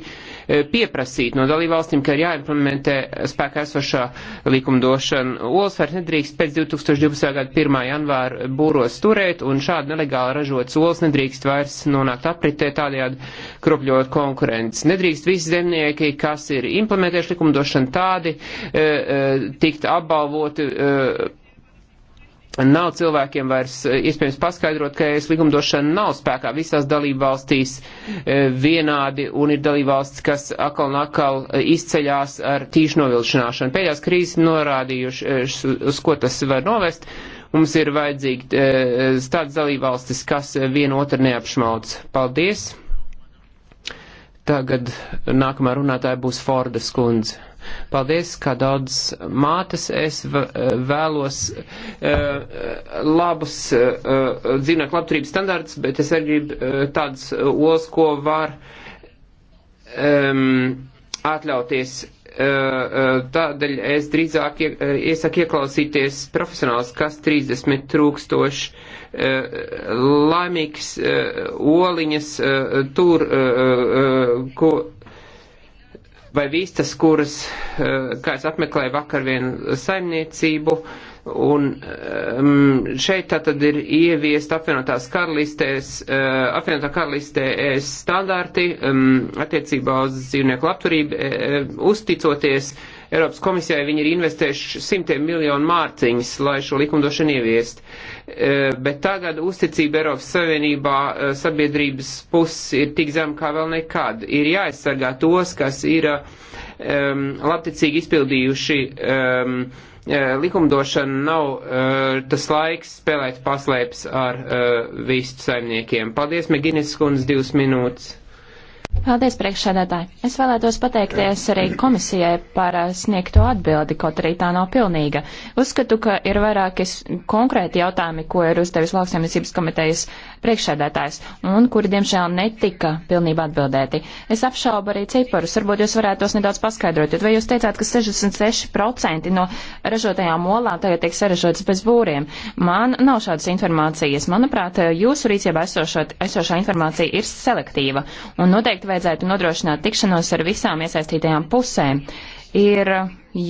pieprasīt no dalībvalstīm, ka ir jāimplementē spēkā esošā likumdošana. Olsvērs nedrīkst pēc 2012. gada 1. janvāra būros turēt, un šādi nelegāli ražots olas nedrīkst vairs nonākt apritē, tādējādi kropļot konkurences. Nedrīkst visi zemnieki, kas ir implementējuši likumdošanu tādu, gadi e, e, tikt apbalvoti e, nav cilvēkiem vairs iespējams paskaidrot, ka es likumdošana nav spēkā visās dalībvalstīs vienādi un ir dalībvalsts, kas akal un akal izceļās ar tīšu novilšanāšanu. Pēdējās krīzes norādījuši, uz ko tas var novest. Mums ir vajadzīgi tāds dalībvalstis, kas vienotru neapšmauc. Paldies! Tagad nākamā runātāja būs Forda skundze. Paldies, kā daudz mātes es vēlos uh, labus uh, dzīvnieku labturības standarts, bet es arī gribu uh, tādas olas, ko var um, atļauties tādēļ es drīzāk iesaku ieklausīties profesionāls, kas 30 trūkstoši laimīgs oliņas tur, ko vai vistas, kuras, eh, kā es apmeklēju vakar vienu saimniecību, un ehm, šeit tā tad ir ieviest apvienotās karalistēs, eh, apvienotā karalistē standarti ehm, attiecībā uz dzīvnieku labturību, eh, uzticoties Eiropas komisijai viņi ir investējuši simtiem miljonu mārciņas, lai šo likumdošanu ieviest. E, bet tagad uzticība Eiropas Savienībā e, sabiedrības puses ir tik zem kā vēl nekad. Ir jāaizsargā tos, kas ir um, labticīgi izpildījuši um, likumdošana nav uh, tas laiks spēlēt paslēpes ar uh, vistu saimniekiem. Paldies, Meginis Skundz, divas minūtes. Paldies, priekšsēdētāji. Es vēlētos pateikties arī komisijai par eh, sniegto atbildi, kaut arī tā nav pilnīga. Uzskatu, ka ir vairāki konkrēti jautājumi, ko ir uzdevis lauksaimniecības komitejas priekšsēdētājs, un kuri, diemžēl, netika pilnībā atbildēti. Es apšaubu arī ciparus. Varbūt jūs varētu tos nedaudz paskaidrot, jo vai jūs teicāt, ka 66% no ražotajām olām tagad tiek saražotas bez būriem. Man nav šādas informācijas. Manuprāt, jūsu rīcībā esošā informācija ir selektīva. Un noteikti noteikti vajadzētu nodrošināt tikšanos ar visām iesaistītajām pusēm. Ir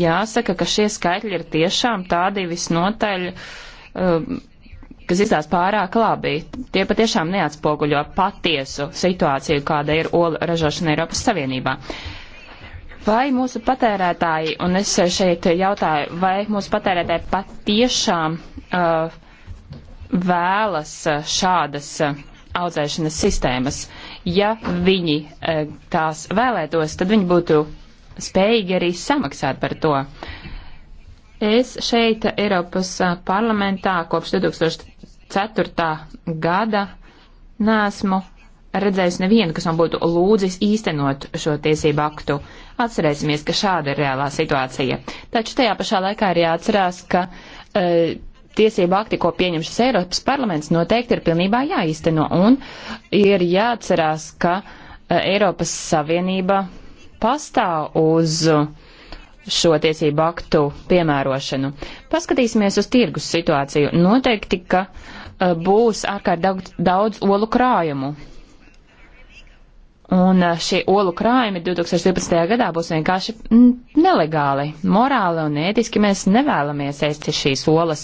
jāsaka, ka šie skaitļi ir tiešām tādi visnotaļ, um, kas izstās pārāk labi. Tie patiešām neatspoguļo patiesu situāciju, kāda ir olu ražošana Eiropas Savienībā. Vai mūsu patērētāji, un es šeit jautāju, vai mūsu patērētāji patiešām uh, vēlas uh, šādas uh, audzēšanas sistēmas? Ja viņi eh, tās vēlētos, tad viņi būtu spējīgi arī samaksāt par to. Es šeit Eiropas eh, parlamentā kopš 2004. gada nesmu redzējis nevienu, kas man būtu lūdzis īstenot šo tiesību aktu. Atcerēsimies, ka šāda ir reālā situācija. Taču tajā pašā laikā ir jāatcerās, ka uh, tiesību akti, ko pieņem šis Eiropas parlaments, noteikti ir pilnībā jāīsteno un ir jāatcerās, ka eh, Eiropas Savienība pastāv uz šo tiesību aktu piemērošanu. Paskatīsimies uz tirgus situāciju. Noteikti, ka eh, būs ārkārt daudz, daudz olu krājumu. Un eh, šie olu krājumi 2012. gadā būs vienkārši mm, nelegāli. Morāli un ētiski mēs nevēlamies ēst šīs olas.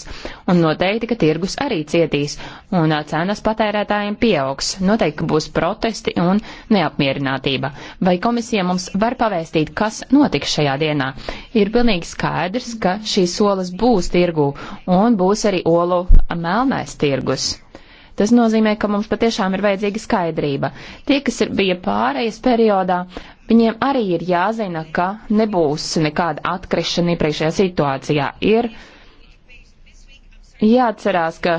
Un noteikti, ka tirgus arī cietīs. Un eh, cenas patērētājiem pieaugs. Noteikti būs protesti un neapmierinātība. Vai komisija mums var pavēstīt, kas notiks šajā dienā? Ir pilnīgi skaidrs, ka šīs olas būs tirgū un būs arī olu melnais tirgus. Tas nozīmē, ka mums patiešām ir vajadzīga skaidrība. Tie, kas ir, bija pārējais periodā, viņiem arī ir jāzina, ka nebūs nekāda atkrišana iepriekšējā situācijā. Ir jāatcerās, ka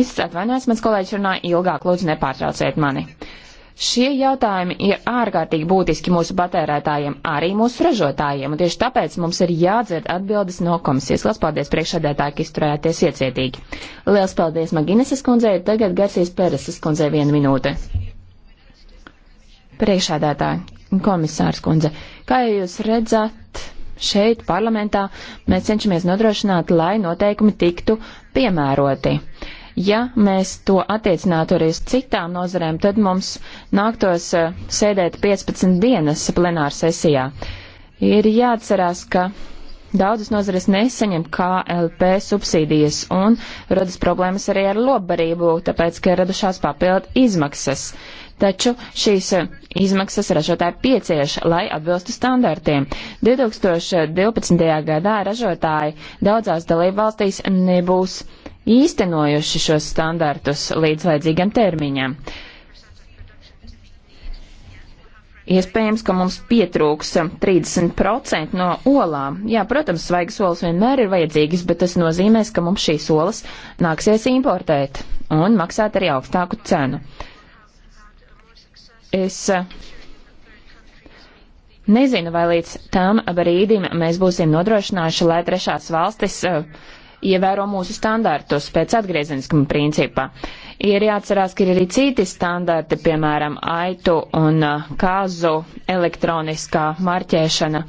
es atvainojos, mans kolēģis runāja ilgāk, lūdzu nepārtrauciet mani. Uh, Šie jautājumi ir ārkārtīgi būtiski mūsu patērētājiem, arī mūsu ražotājiem, un tieši tāpēc mums ir jādzird atbildes no komisijas. Lielas paldies priekšādētāji, ka izturējāties iecietīgi. Lielas paldies Magineses kundzei, tagad Garcijas Pereses kundzei viena minūte. Priekšādētāji, komisārs kundze, kā jūs redzat, šeit parlamentā mēs cenšamies nodrošināt, lai noteikumi tiktu piemēroti. Ja mēs to attiecinātu arī uz citām nozarēm, tad mums nāktos eh, sēdēt 15 dienas plenāra sesijā. Ir jāatcerās, ka daudzas nozares nesaņem KLP subsīdijas un rodas problēmas arī ar lobarību, tāpēc, ka radušās papildu izmaksas taču šīs eh, izmaksas ražotāji piecieš, lai atbilstu standartiem. 2012. gadā ražotāji daudzās dalībvalstīs nebūs īstenojuši šos standartus līdz vajadzīgam termiņam. Iespējams, ka mums pietrūks 30% no olām. Jā, protams, svaigas olas vienmēr ir vajadzīgas, bet tas nozīmēs, ka mums šīs olas nāksies importēt un maksāt arī augstāku cenu. Es eh, nezinu, vai līdz tam brīdim mēs būsim nodrošinājuši, lai trešās valstis uh, ievēro mūsu standartus pēc atgriezeniskuma principa. Ir jāatcerās, ka ir arī citi standarti, piemēram, aitu un uh, kāzu elektroniskā marķēšana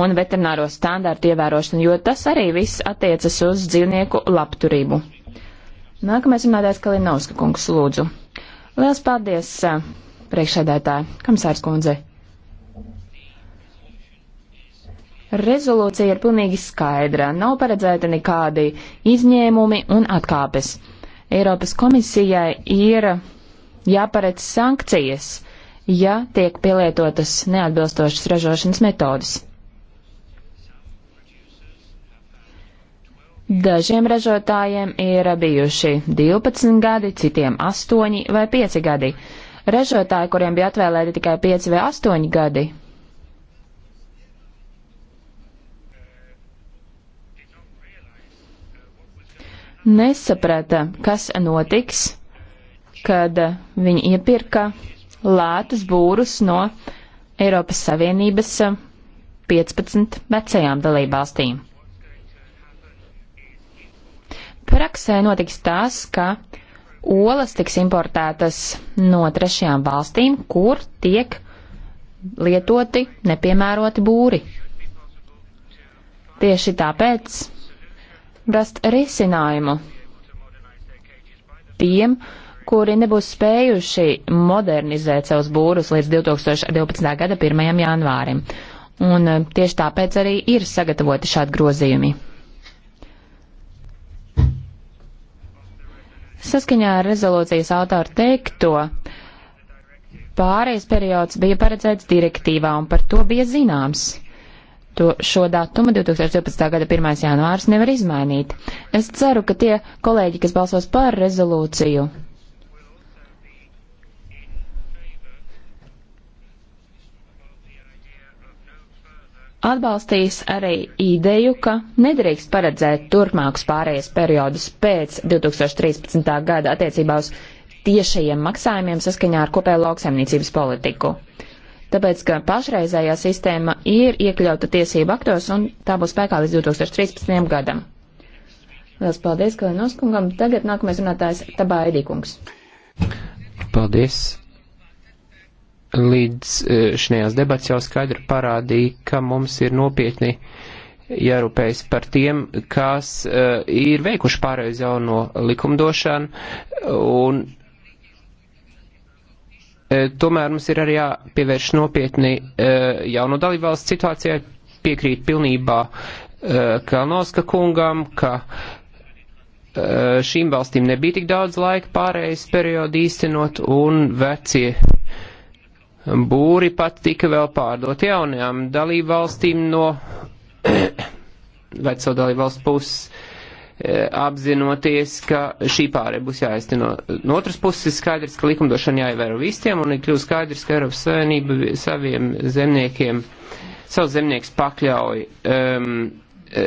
un veterināro standārtu ievērošanu, jo tas arī viss attiecas uz dzīvnieku labturību. Nākamais runātājs Kalinovska kungs lūdzu. Liels paldies, uh, priekšsēdētāji, kamsārs kundzei. Rezolūcija ir pilnīgi skaidra, nav paredzēta nekādi izņēmumi un atkāpes. Eiropas komisijai ir jāparedz sankcijas, ja tiek pielietotas neatbilstošas ražošanas metodas. Dažiem ražotājiem ir bijuši 12 gadi, citiem 8 vai 5 gadi. Ražotāji, kuriem bija atvēlēti tikai 5 vai 8 gadi, nesaprata, kas notiks, kad viņi iepirka lētus būrus no Eiropas Savienības 15 vecajām dalībvalstīm. Praksē notiks tas, ka olas tiks importētas no trešajām valstīm, kur tiek lietoti nepiemēroti būri. Tieši tāpēc rast risinājumu tiem, kuri nebūs spējuši modernizēt savus būrus līdz 2012. gada 1. janvārim. Un eh, tieši tāpēc arī ir sagatavoti šādi grozījumi. Saskaņā ar rezolūcijas autoru teikto, pārējais periods bija paredzēts direktīvā un par to bija zināms to, šo datumu 2012. gada 1. janvārs nevar izmainīt. Es ceru, ka tie kolēģi, kas balsos par rezolūciju, Atbalstīs arī ideju, ka nedrīkst paredzēt turpmākus pārējais periodus pēc 2013. gada attiecībā uz tiešajiem maksājumiem saskaņā ar kopēju lauksaimniecības politiku tāpēc, ka pašreizējā sistēma ir iekļauta tiesību aktos un tā būs spēkā līdz 2013. gadam. Lielas paldies, Kalinos kungam. Tagad nākamais runātājs Tabā Edīkungs. Paldies. Līdz e, šajās debats jau skaidri parādīja, ka mums ir nopietni jārūpējas par tiem, kas uh, ir veikuši pārējais jauno likumdošanu un E, tomēr mums ir arī jāpievērš nopietni e, jauno dalībvalsts situācijai. Piekrīt pilnībā e, Kalnoska kungam, ka šīm valstīm nebija tik daudz laika pārējais periodu īstenot un vecie būri pat tika vēl pārdot jaunajām dalībvalstīm no veco dalībvalstu puses. E, apzinoties, ka šī pārēja būs jāizteno. No otras puses ir skaidrs, ka likumdošana jāievēro visiem, un ir kļūst skaidrs, ka Eiropas Savienība saviem zemniekiem, savus zemniekus pakļauj um, e,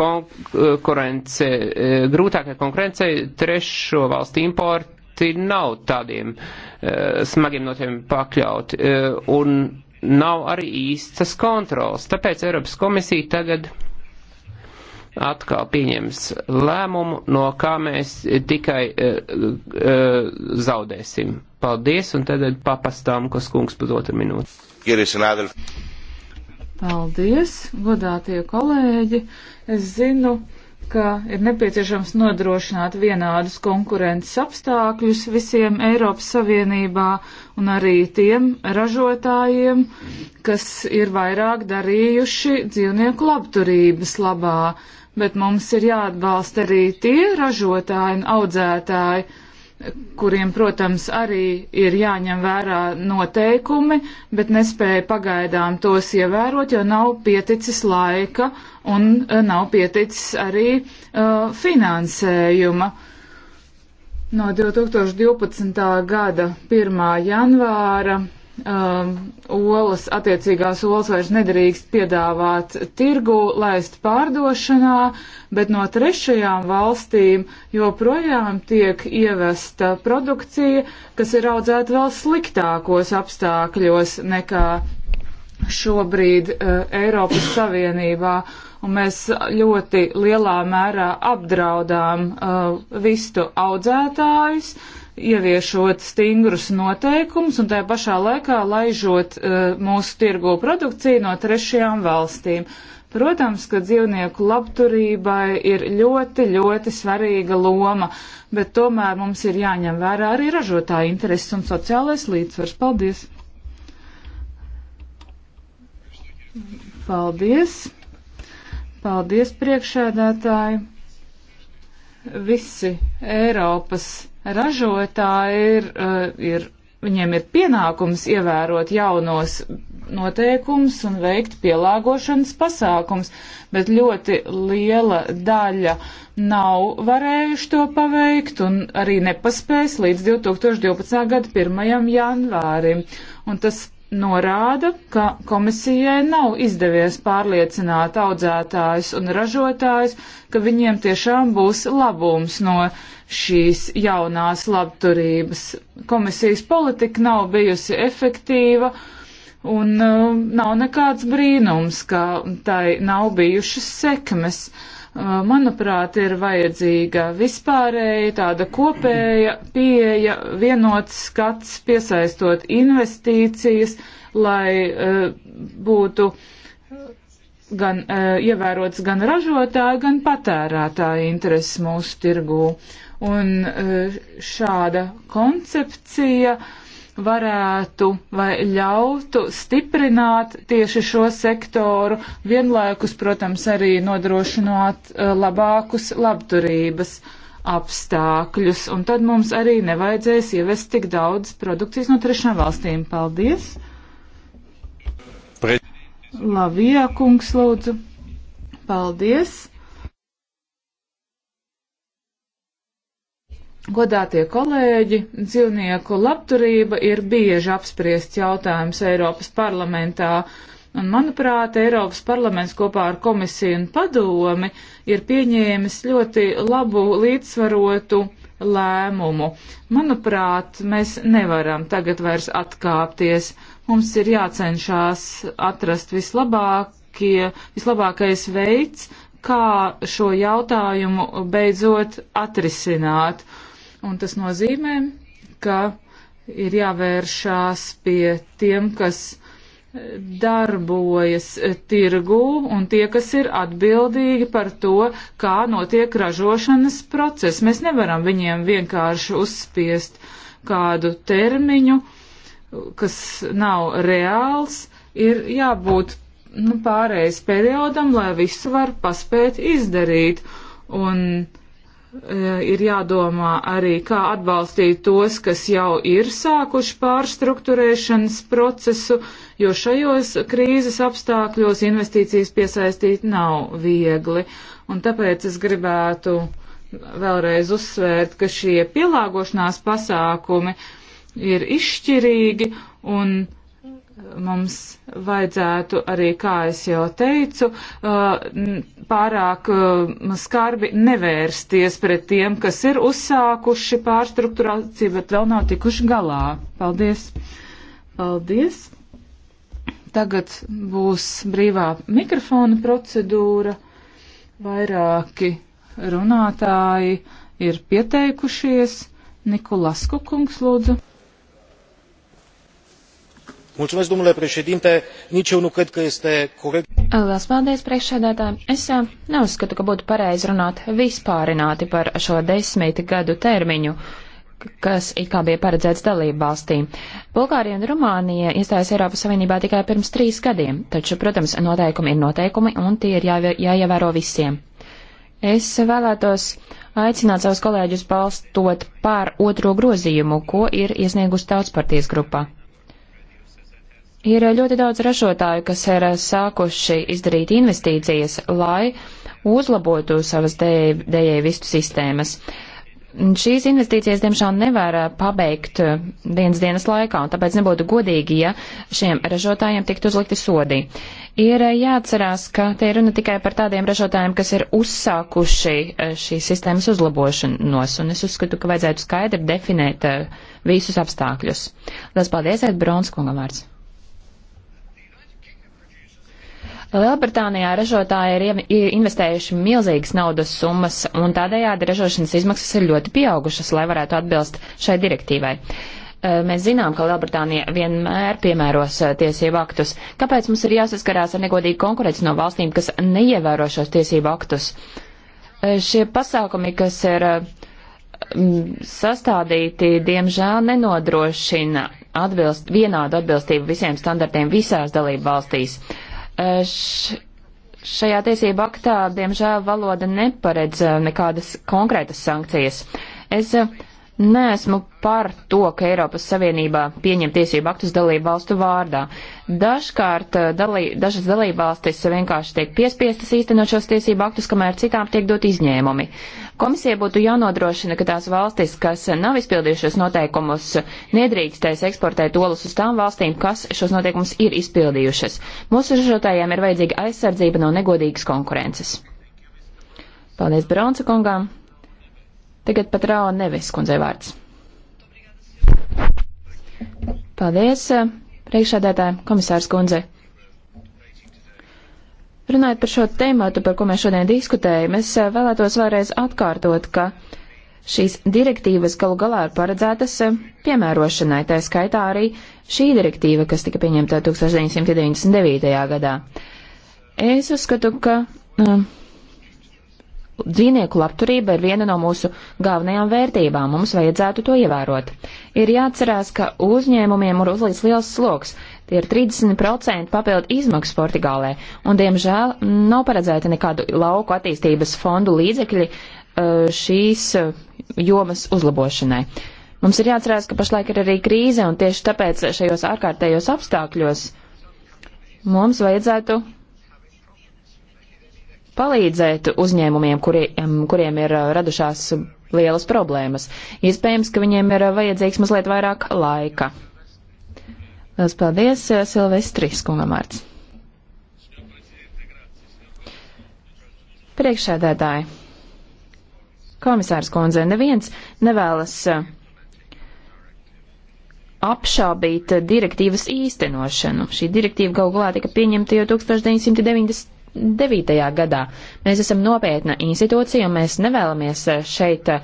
konkurence, e, grūtākai konkurencei trešo valstu importi nav tādiem uh, smagiem notiem pakļauti, uh, un nav arī īstas kontrols. Tāpēc Eiropas komisija tagad atkal pieņems lēmumu, no kā mēs tikai uh, uh, zaudēsim. Paldies, un tad papastām, kas kungs pusotru minūti. Paldies, godātie kolēģi. Es zinu, ka ir nepieciešams nodrošināt vienādus konkurences apstākļus visiem Eiropas Savienībā un arī tiem ražotājiem, kas ir vairāk darījuši dzīvnieku labturības labā. Uh, bet mums ir jāatbalsta arī tie ražotāji un audzētāji, kuriem, protams, arī ir jāņem vērā noteikumi, bet nespēja pagaidām tos ievērot, jo nav pieticis laika un eh, nav pieticis arī uh, finansējuma. No 2012. gada 1. janvāra um, olas, attiecīgās olas vairs nedrīkst piedāvāt tirgu, laist pārdošanā, bet no trešajām valstīm joprojām tiek ievesta produkcija, kas ir audzēta vēl sliktākos apstākļos nekā šobrīd uh, Eiropas Savienībā. Un mēs ļoti lielā mērā apdraudām uh, vistu audzētājus, uh, ieviešot stingrus noteikumus un tajā pašā laikā laižot uh, mūsu tirgo produkciju no trešajām valstīm. Protams, ka dzīvnieku labturībai ir ļoti, ļoti svarīga loma, bet tomēr mums ir jāņem vērā arī ražotāja intereses un sociālais līdzsvars. Paldies! Paldies! Paldies priekšēdētāji! Visi Eiropas Ražotāji ir, eh, ir, viņiem ir pienākums ievērot jaunos noteikums un veikt pielāgošanas pasākums, bet ļoti liela daļa nav varējuši to paveikt un arī nepaspēs līdz 2012. gada 1. janvārim. Un tas norāda, ka komisijai nav izdevies pārliecināt audzētājus un ražotājus, ka viņiem tiešām būs labums no šīs jaunās labturības. Komisijas politika nav bijusi efektīva un uh, nav nekāds brīnums, ka tai nav bijušas sekmes. Uh, Uh, manuprāt, ir vajadzīga vispārēja tāda kopēja pieeja, vienots skats, piesaistot investīcijas, lai uh, būtu gan uh, ievērots gan ražotāja, gan patērētāja intereses mūsu tirgū. Un uh, šāda koncepcija uh, varētu vai ļautu stiprināt tieši šo sektoru, vienlaikus, protams, arī nodrošinot e, labākus labturības apstākļus. Un tad mums arī nevajadzēs ievest tik daudz produkcijas no trešām valstīm. Paldies! Pre... Lavijā kungs lūdzu. Paldies! Godātie kolēģi, dzīvnieku labturība ir bieži apspriests jautājums Eiropas parlamentā, un, manuprāt, Eiropas parlaments kopā ar komisiju un padomi ir pieņēmis ļoti labu līdzsvarotu lēmumu. Manuprāt, mēs nevaram tagad vairs atkāpties. Mums ir jācenšās atrast vislabākie, vislabākais veids, kā šo jautājumu beidzot atrisināt Un tas nozīmē, ka ir jāvēršās pie tiem, kas darbojas tirgū un tie, kas ir atbildīgi par to, kā notiek ražošanas process. Mēs nevaram viņiem vienkārši uzspiest kādu termiņu, kas nav reāls, ir jābūt nu, pārējais periodam, lai visu var paspēt izdarīt. Un Eh, ir jādomā arī, kā atbalstīt tos, kas jau ir sākuši pārstruktūrēšanas procesu, jo šajos krīzes apstākļos investīcijas piesaistīt nav viegli. Un tāpēc es gribētu vēlreiz uzsvērt, ka šie pielāgošanās pasākumi ir izšķirīgi un mums vajadzētu arī, kā es jau teicu, uh, pārāk uh, skarbi nevērsties pret tiem, kas ir uzsākuši pārstruktūrāciju, bet vēl nav tikuši galā. Paldies! Paldies! Tagad būs brīvā mikrofona procedūra. Vairāki runātāji ir pieteikušies. Nikolas Kukungs, lūdzu nici eu nu cred ka este korekt. Lielas paldies, priekšsēdētāji. Es neuzskatu, ka būtu pareizi runāt vispārināti par šo desmit gadu termiņu kas it kā bija paredzēts dalību valstīm. Bulgārija un Rumānija iestājas Eiropas Savienībā tikai pirms trīs gadiem, taču, protams, noteikumi ir noteikumi un tie ir jā, jāievēro visiem. Es vēlētos aicināt savus kolēģus balstot pār otro grozījumu, ko ir iesniegusi tautspartijas grupā. Ir ļoti daudz ražotāju, kas ir sākuši izdarīt investīcijas, lai uzlabotu savas dējēju vistu sistēmas. Šīs investīcijas, diemžēl, nevar pabeigt vienas dienas laikā, un tāpēc nebūtu godīgi, ja šiem ražotājiem tiktu uzlikti sodi. Ir jāatcerās, ka te ir runa tikai par tādiem ražotājiem, kas ir uzsākuši eh, šīs sistēmas uzlabošanos, un es uzskatu, ka vajadzētu skaidri definēt eh, visus apstākļus. Lielas paldies, Ed Brons, kungam vārds. Lielbritānijā ražotāji ir investējuši milzīgas naudas summas, un tādējādi ražošanas izmaksas ir ļoti pieaugušas, lai varētu atbilst šai direktīvai. Eh, mēs zinām, ka Lielbritānija vienmēr piemēros eh, tiesību aktus. Kāpēc mums ir jāsaskarās ar negodīgu konkurenci no valstīm, kas neievēro šos tiesību aktus? Eh, šie pasākumi, kas ir sastādīti, diemžēl nenodrošina atbilst, vienādu atbilstību visiem standartiem visās dalību valstīs. Uh, Eh, š šajā tiesību aktā, diemžēl, valoda neparedz eh, nekādas konkrētas sankcijas. Es eh, neesmu par to, ka Eiropas Savienībā pieņem tiesību aktus dalību valstu vārdā. Dažkārt dalī, dažas dalību valstis vienkārši tiek piespiestas īstenot šos tiesību aktus, kamēr citām tiek dot izņēmumi. Uh, Komisija būtu jānodrošina, ka tās valstis, kas nav izpildījušas noteikumus, nedrīkstēs eksportēt olas uz tām valstīm, kas šos noteikumus ir izpildījušas. Mūsu ražotājiem ir vajadzīga aizsardzība no negodīgas konkurences. Paldies Bronsa kungām. Tagad pat Rāna Nevis kundzei vārds. Paldies, priekšādētāji, komisārs kundzei. Runājot par šo tēmātu, par ko mēs šodien diskutējam, es eh, vēlētos vēlreiz atkārtot, ka šīs direktīvas galu galā ir paredzētas eh, piemērošanai, tā skaitā arī šī direktīva, kas tika pieņemta 1999. gadā. Es uzskatu, ka um, dzīvnieku labturība ir viena no mūsu galvenajām vērtībām. Mums vajadzētu to ievērot. Ir jāatcerās, ka uzņēmumiem ir uzlīts liels sloks. Tie ir 30% papildu izmaksas Portugālē, un, diemžēl, nav paredzēta nekādu lauku attīstības fondu līdzekļi uh, šīs uh, jomas uzlabošanai. Mums ir jāatcerās, ka pašlaik ir arī krīze, un tieši tāpēc šajos ārkārtējos apstākļos mums vajadzētu palīdzēt uzņēmumiem, kuri, um, kuriem ir uh, radušās lielas problēmas. Iespējams, ka viņiem ir vajadzīgs mazliet vairāk laika. Lielas paldies, eh, Silvestris kungam vārds. Priekšsēdētāji, komisārs kundze, neviens nevēlas eh, apšaubīt direktīvas īstenošanu. Šī direktīva galu galā tika pieņemta jau 1999. gadā. Mēs esam nopietna institūcija un mēs nevēlamies eh, šeit uh,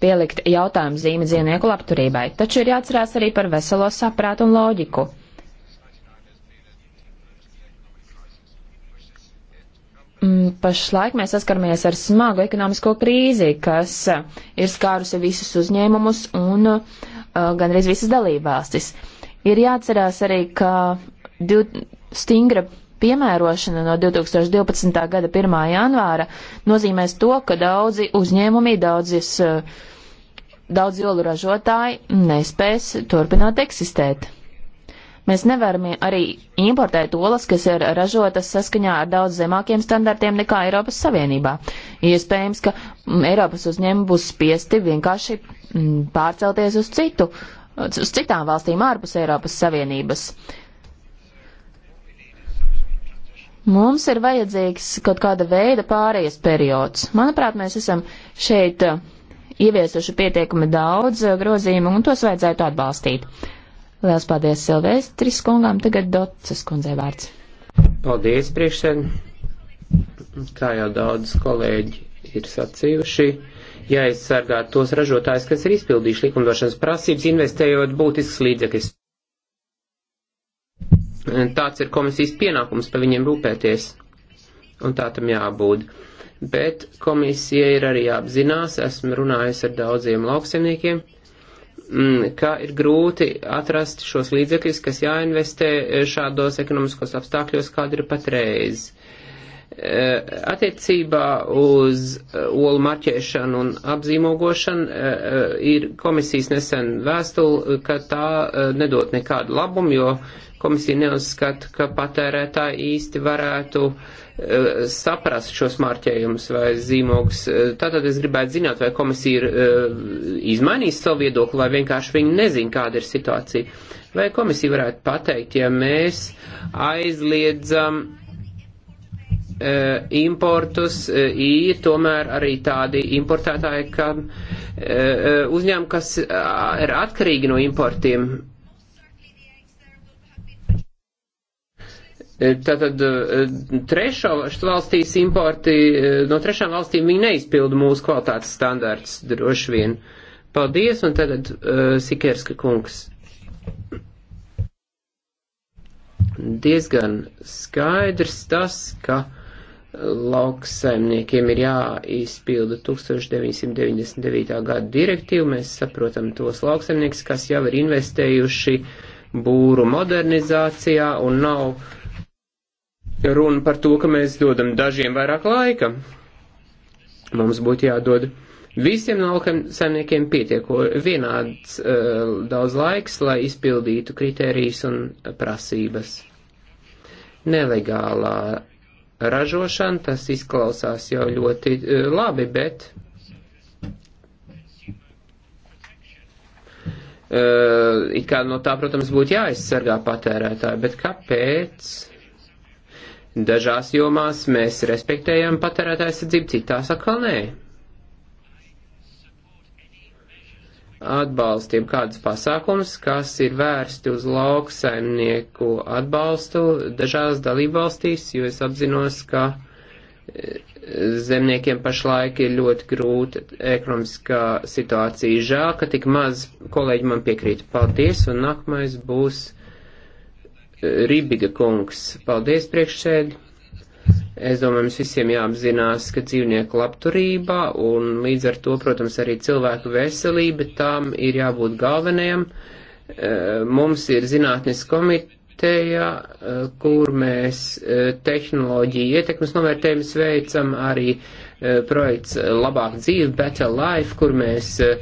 pielikt jautājumu zīmi dzīvnieku labturībai, taču ir jāatcerās arī par veselo saprātu un loģiku. Mm, pašlaik mēs saskaramies ar smagu ekonomisko krīzi, kas uh, ir skārusi visus uzņēmumus un uh, gandrīz visas dalībvalstis. Ir jāatcerās arī, ka div, stingra piemērošana no 2012. gada 1. janvāra nozīmēs to, ka daudzi uzņēmumi, daudzis, eh, daudz jolu ražotāji nespēs turpināt eksistēt. Mēs nevaram arī importēt olas, kas ir ražotas saskaņā ar daudz zemākiem standartiem nekā Eiropas Savienībā. Iespējams, ka mm, Eiropas uzņēmumi būs spiesti vienkārši mm, pārcelties uz citu, uz citām valstīm ārpus Eiropas Savienības. Uh, Mums ir vajadzīgs kaut kāda veida pārējais periods. Manuprāt, mēs esam šeit uh, ieviesuši pietiekami daudz uh, grozījumu un tos vajadzētu atbalstīt. Lielas paldies Silvestris kungām, tagad Dotsas kundzei vārds. Paldies, priekšsēd. Kā jau daudz kolēģi ir sacījuši, jāaizsargāt tos ražotājus, kas ir izpildījuši likumdošanas prasības, investējot būtisks līdzekļus. Tāds ir komisijas pienākums par viņiem rūpēties, un tā tam jābūt. Bet komisija ir arī apzinās, esmu runājis ar daudziem lauksemniekiem, mm, ka ir grūti atrast šos līdzekļus, kas jāinvestē šādos ekonomiskos apstākļos, kāda ir patreiz. E, attiecībā uz olu marķēšanu un apzīmogošanu e, e, ir komisijas nesen vēstule, ka tā nedod nekādu labumu, jo Komisija neuzskata, ka patērētāji īsti varētu eh, saprast šos marķējumus vai zīmogus. Eh, tātad es gribētu zināt, vai komisija ir eh, izmainījusi savu viedokli, vai vienkārši viņi nezin, kāda ir situācija. Vai komisija varētu pateikt, ja mēs aizliedzam importus ir tomēr arī tādi importētāji, ka uzņēmumi, kas ir atkarīgi no importiem, E, tātad e, trešo valstīs importi, e, no trešām valstīm viņi neizpilda mūsu kvalitātes standārts droši vien. Paldies, un tagad uh, Sikerska kungs. Diezgan skaidrs tas, ka lauksaimniekiem ir jāizpilda 1999. gada direktīva. Mēs saprotam tos lauksaimniekus, kas jau ir investējuši būru modernizācijā un nav uh, runa par to, ka mēs dodam dažiem vairāk laika. Mums būtu jādod visiem lauksaimniekiem pietieko vienāds uh, daudz laiks, lai izpildītu kritērijas un prasības. Nelegālā ražošana, tas izklausās jau ļoti uh, labi, bet. Uh, it kā no tā, protams, būtu jāaizsargā patērētāji, bet kāpēc? Dažās jomās mēs respektējam patērētāju sadzību, citās atkal nē. Atbalstiem kādas pasākums, kas ir vērsti uz lauksaimnieku atbalstu dažās dalībvalstīs, jo es apzinos, ka e, zemniekiem pašlaik ir ļoti grūta ekonomiskā situācija. Žēl, ka tik maz kolēģi man piekrīt. Paldies, un nākamais būs Ribiga kungs, paldies priekšsēdi. Es domāju, mums visiem jāapzinās, ka dzīvnieku labturība un līdz ar to, protams, arī cilvēku veselība tām ir jābūt galvenajam. Eh, mums ir zinātnes komiteja, eh, kur mēs eh, tehnoloģiju ietekmes novērtējumus veicam arī uh, Eh, projekts eh, Labāk dzīve, Better Life, kur mēs eh,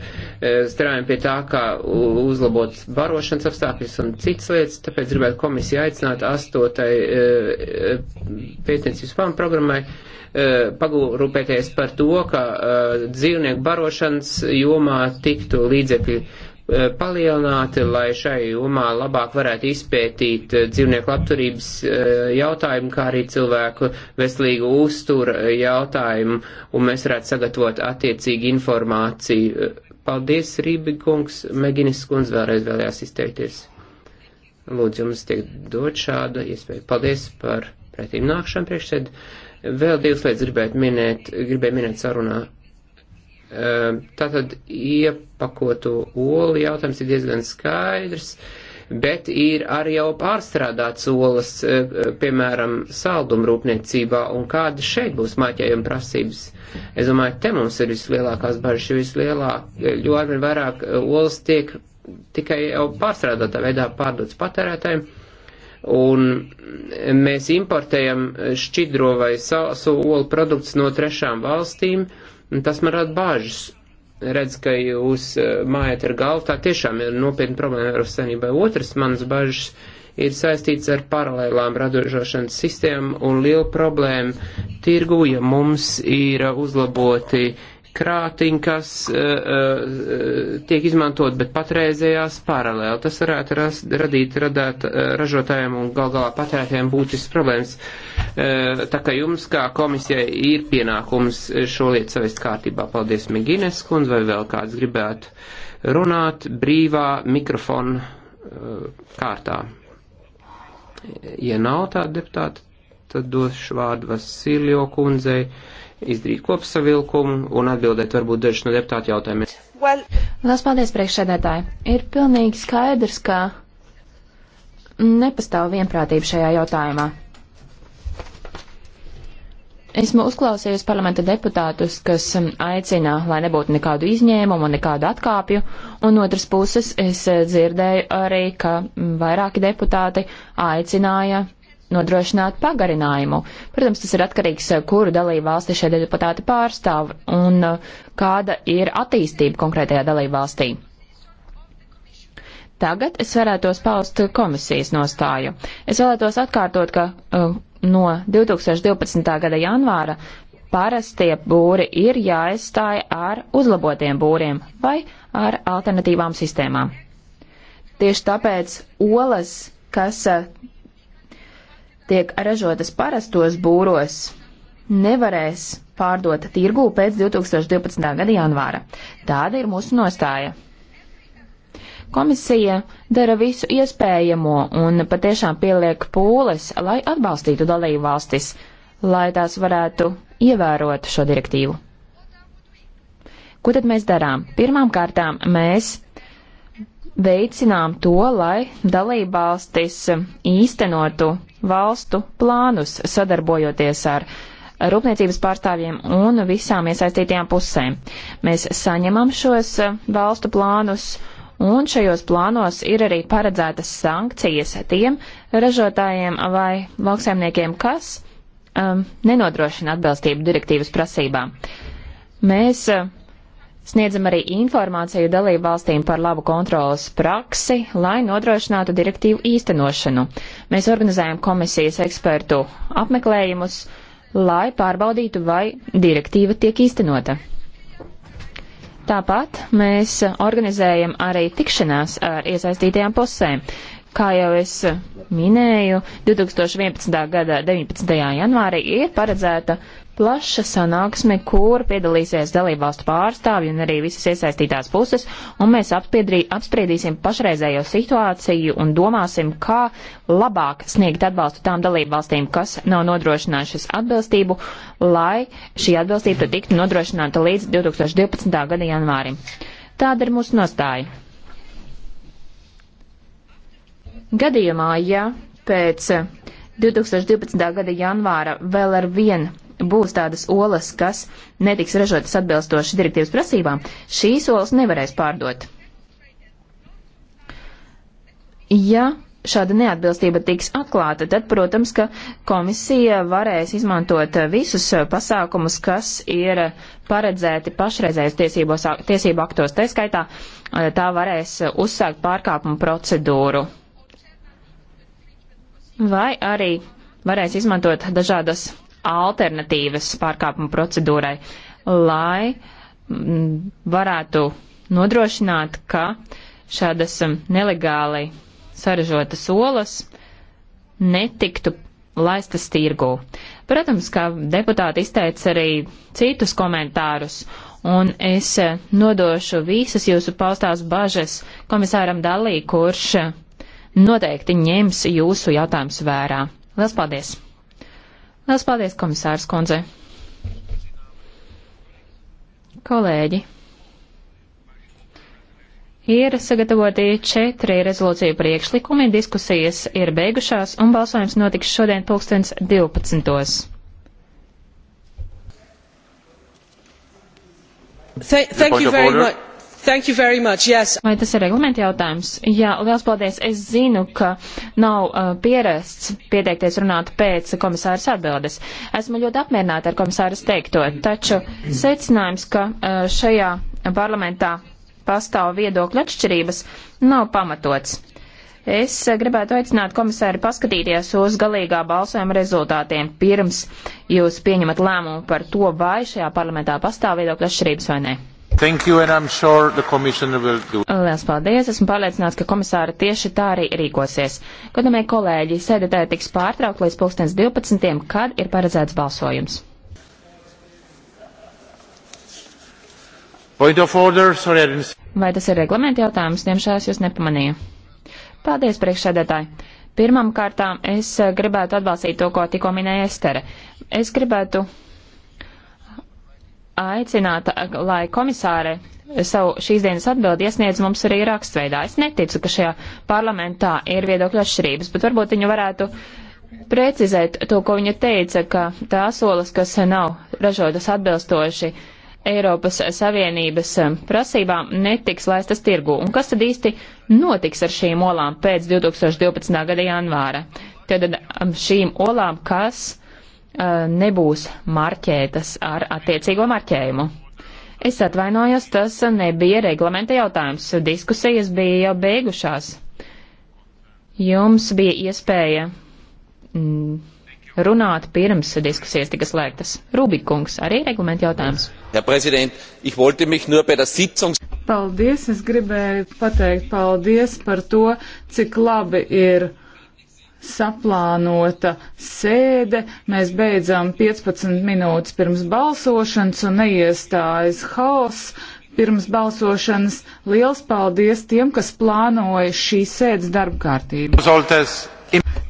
strādājam pie tā, kā uzlabot barošanas apstākļus un citas lietas. Tāpēc gribētu komisiju aicināt astotai pētniecības plānu programmai pagūrūpēties par to, ka dzīvnieku barošanas jomā tiktu līdzekļi Eh, palielināti, lai šai jomā labāk varētu izpētīt eh, dzīvnieku labturības eh, jautājumu, kā arī cilvēku veselīgu uzturu jautājumu, un mēs varētu sagatavot attiecīgi informāciju. Paldies, Rībikungs, Meginis Skundz vēlreiz vēlējās izteikties. Lūdzu, jums tiek dot šāda iespēja. Paldies par pretīm nākšanu priekšsēd. Vēl divas lietas gribētu minēt, gribēju minēt sarunā Ehm, tātad iepakoto olu jautājums ir diezgan skaidrs, bet ir arī jau pārstrādāts olas, eh, piemēram, saldumrūpniecībā, un kāda šeit būs māķējuma prasības. Es domāju, te mums ir vislielākās bažas, jo vislielāk, jo arvien vairāk eh, olas tiek tikai jau pārstrādātā veidā pārdots patērētājiem un mēs importējam šķidro vai sausu olu produktus no trešām valstīm, Un tas man rada bāžas. Redz, ka jūs e, mājat ar galvu, tā tiešām ir nopietna problēma Eiropas savienībai. Otrs manas bažas ir saistīts ar paralēlām radošanas sistēmu un lielu problēmu tirgu, ja mums ir uzlaboti uh, krātiņi, kas uh, uh, tiek izmantot, bet patreizējās paralēli. Tas varētu ras, radīt radāt, uh, ražotājiem un gal galā patērētājiem būtisks problēmas. Uh, tā kā jums, kā komisijai, ir pienākums šo lietu savest kārtībā. Paldies, Migines kundze, vai vēl kāds gribētu runāt brīvā mikrofona uh, kārtā. Ja nav tāda deputāta, tad došu vārdu Vasiljo kundzei. Uh, izdarīt kopsavilkumu un atbildēt varbūt dažus no deputātu jautājumiem. Well. Lielas paldies, priekšsēdētāji. Ir pilnīgi skaidrs, ka nepastāv vienprātība šajā jautājumā. Esmu uzklausījusi parlamenta deputātus, kas um, aicina, lai nebūtu nekādu izņēmumu, nekādu atkāpju, un otras puses es eh, dzirdēju arī, ka mm, vairāki deputāti aicināja nodrošināt pagarinājumu. Protams, tas ir atkarīgs, eh, kuru dalību valsti šie deputāti pārstāv un eh, kāda ir attīstība konkrētajā dalību valstī. Tagad es varētos paust komisijas nostāju. Es vēlētos atkārtot, ka uh, no 2012. gada janvāra parastie būri ir jāaizstāja ar uzlabotiem būriem vai ar alternatīvām sistēmām. Tieši tāpēc olas, kas uh, tiek ražotas parastos būros, nevarēs pārdot tirgū pēc 2012. gada janvāra. Tāda ir mūsu nostāja. Komisija dara visu iespējamo un patiešām pieliek pūles, lai atbalstītu dalību valstis, lai tās varētu ievērot šo direktīvu. Ko tad mēs darām? Pirmām kārtām mēs veicinām to, lai dalībvalstis īstenotu valstu plānus, sadarbojoties ar rūpniecības pārstāvjiem un visām iesaistītajām pusēm. Mēs saņemam šos eh, valstu plānus, un šajos plānos ir arī paredzētas sankcijas tiem ražotājiem vai lauksaimniekiem, kas um, nenodrošina atbilstību direktīvas prasībām. Mēs uh, Sniedzam arī informāciju dalību valstīm par labu kontrolas praksi, lai nodrošinātu direktīvu īstenošanu. Mēs organizējam komisijas ekspertu apmeklējumus, lai pārbaudītu, vai direktīva tiek īstenota. Tāpat mēs organizējam arī tikšanās ar iesaistītajām pusēm. Kā jau es minēju, 2011. gada 19. janvārī ir paredzēta plaša sanāksme, kur piedalīsies dalībvalstu pārstāvji un arī visas iesaistītās puses, un mēs apspiedrī, apspriedīsim pašreizējo situāciju un domāsim, kā labāk sniegt atbalstu tām dalībvalstīm, kas nav nodrošinājušas atbilstību, lai šī atbilstība tiktu nodrošināta līdz 2012. gada janvārim. Tāda ir mūsu nostāja. Gadījumā, ja pēc 2012. gada janvāra vēl ar vienu būs tādas olas, kas netiks ražotas atbilstoši direktīvas prasībām, šīs olas nevarēs pārdot. Ja šāda neatbilstība tiks atklāta, tad, protams, ka komisija varēs izmantot visus pasākumus, kas ir paredzēti pašreizējos tiesību aktos. Tā skaitā eh, tā varēs uzsākt pārkāpumu procedūru. Vai arī varēs izmantot dažādas alternatīvas pārkāpuma procedūrai, lai mm, varētu nodrošināt, ka šādas mm, nelegāli saražotas olas netiktu laistas tirgū. Protams, ka deputāti izteica arī citus komentārus, un es mm, nodošu visas jūsu paustās bažas komisāram Dalī, kurš noteikti ņems jūsu jautājumus vērā. Lielas paldies! Lielas paldies, komisārs kundze. Kolēģi. Ir sagatavoti četri rezolūciju priekšlikumi, diskusijas ir beigušās un balsojums notiks šodien pulkstens 12. Thank, thank you very much. Yes. Vai tas ir reglamenta jautājums? Jā, liels paldies. Es zinu, ka nav uh, pierasts pieteikties runāt pēc komisāras atbildes. Esmu ļoti apmierināta ar komisāras teikto, taču secinājums, ka uh, šajā parlamentā pastāv viedokļu atšķirības, nav pamatots. Es uh, gribētu aicināt komisāri paskatīties uz galīgā balsojuma rezultātiem pirms jūs pieņemat lēmumu par to, vai šajā parlamentā pastāv viedokļu atšķirības vai nē. Sure do... Lielas paldies! Esmu pārliecināts, ka komisāra tieši tā arī rīkosies. Godamie kolēģi, sēdētē tiks pārtraukt līdz pulkstens 12, kad ir paredzēts balsojums. Order, sorry, Vai tas ir reglamenta jautājums? Diemžēl es jūs nepamanīju. Paldies, priekšsēdētāji! Pirmām kārtām es gribētu atbalstīt to, ko tikko minēja Estere. Es gribētu aicināta, lai komisāre savu šīs dienas atbildi iesniedz mums arī rakstveidā. Es neticu, ka šajā parlamentā ir viedokļu atšķirības, bet varbūt viņa varētu precizēt to, ko viņa teica, ka tās olas, kas nav ražotas atbilstoši Eiropas Savienības um, prasībām, netiks laistas tirgu. Un kas tad īsti notiks ar šīm olām pēc 2012. gada janvāra? Tad um, šīm olām, kas Uh, nebūs marķētas ar attiecīgo marķējumu. Es atvainojos, tas nebija reglamenta jautājums. Diskusijas bija jau beigušās. Jums bija iespēja mm, runāt pirms diskusijas tika slēgtas. Rubikungs, arī reglamenta jautājums. Ja, paldies, es gribēju pateikt paldies par to, cik labi ir saplānota sēde, mēs beidzām 15 minūtes pirms balsošanas un neiestājas haoss. Pirms balsošanas liels paldies tiem, kas plānoja šīs sēdes darbkārtību.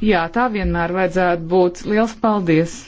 Jā, tā vienmēr vajadzētu būt. Liels paldies!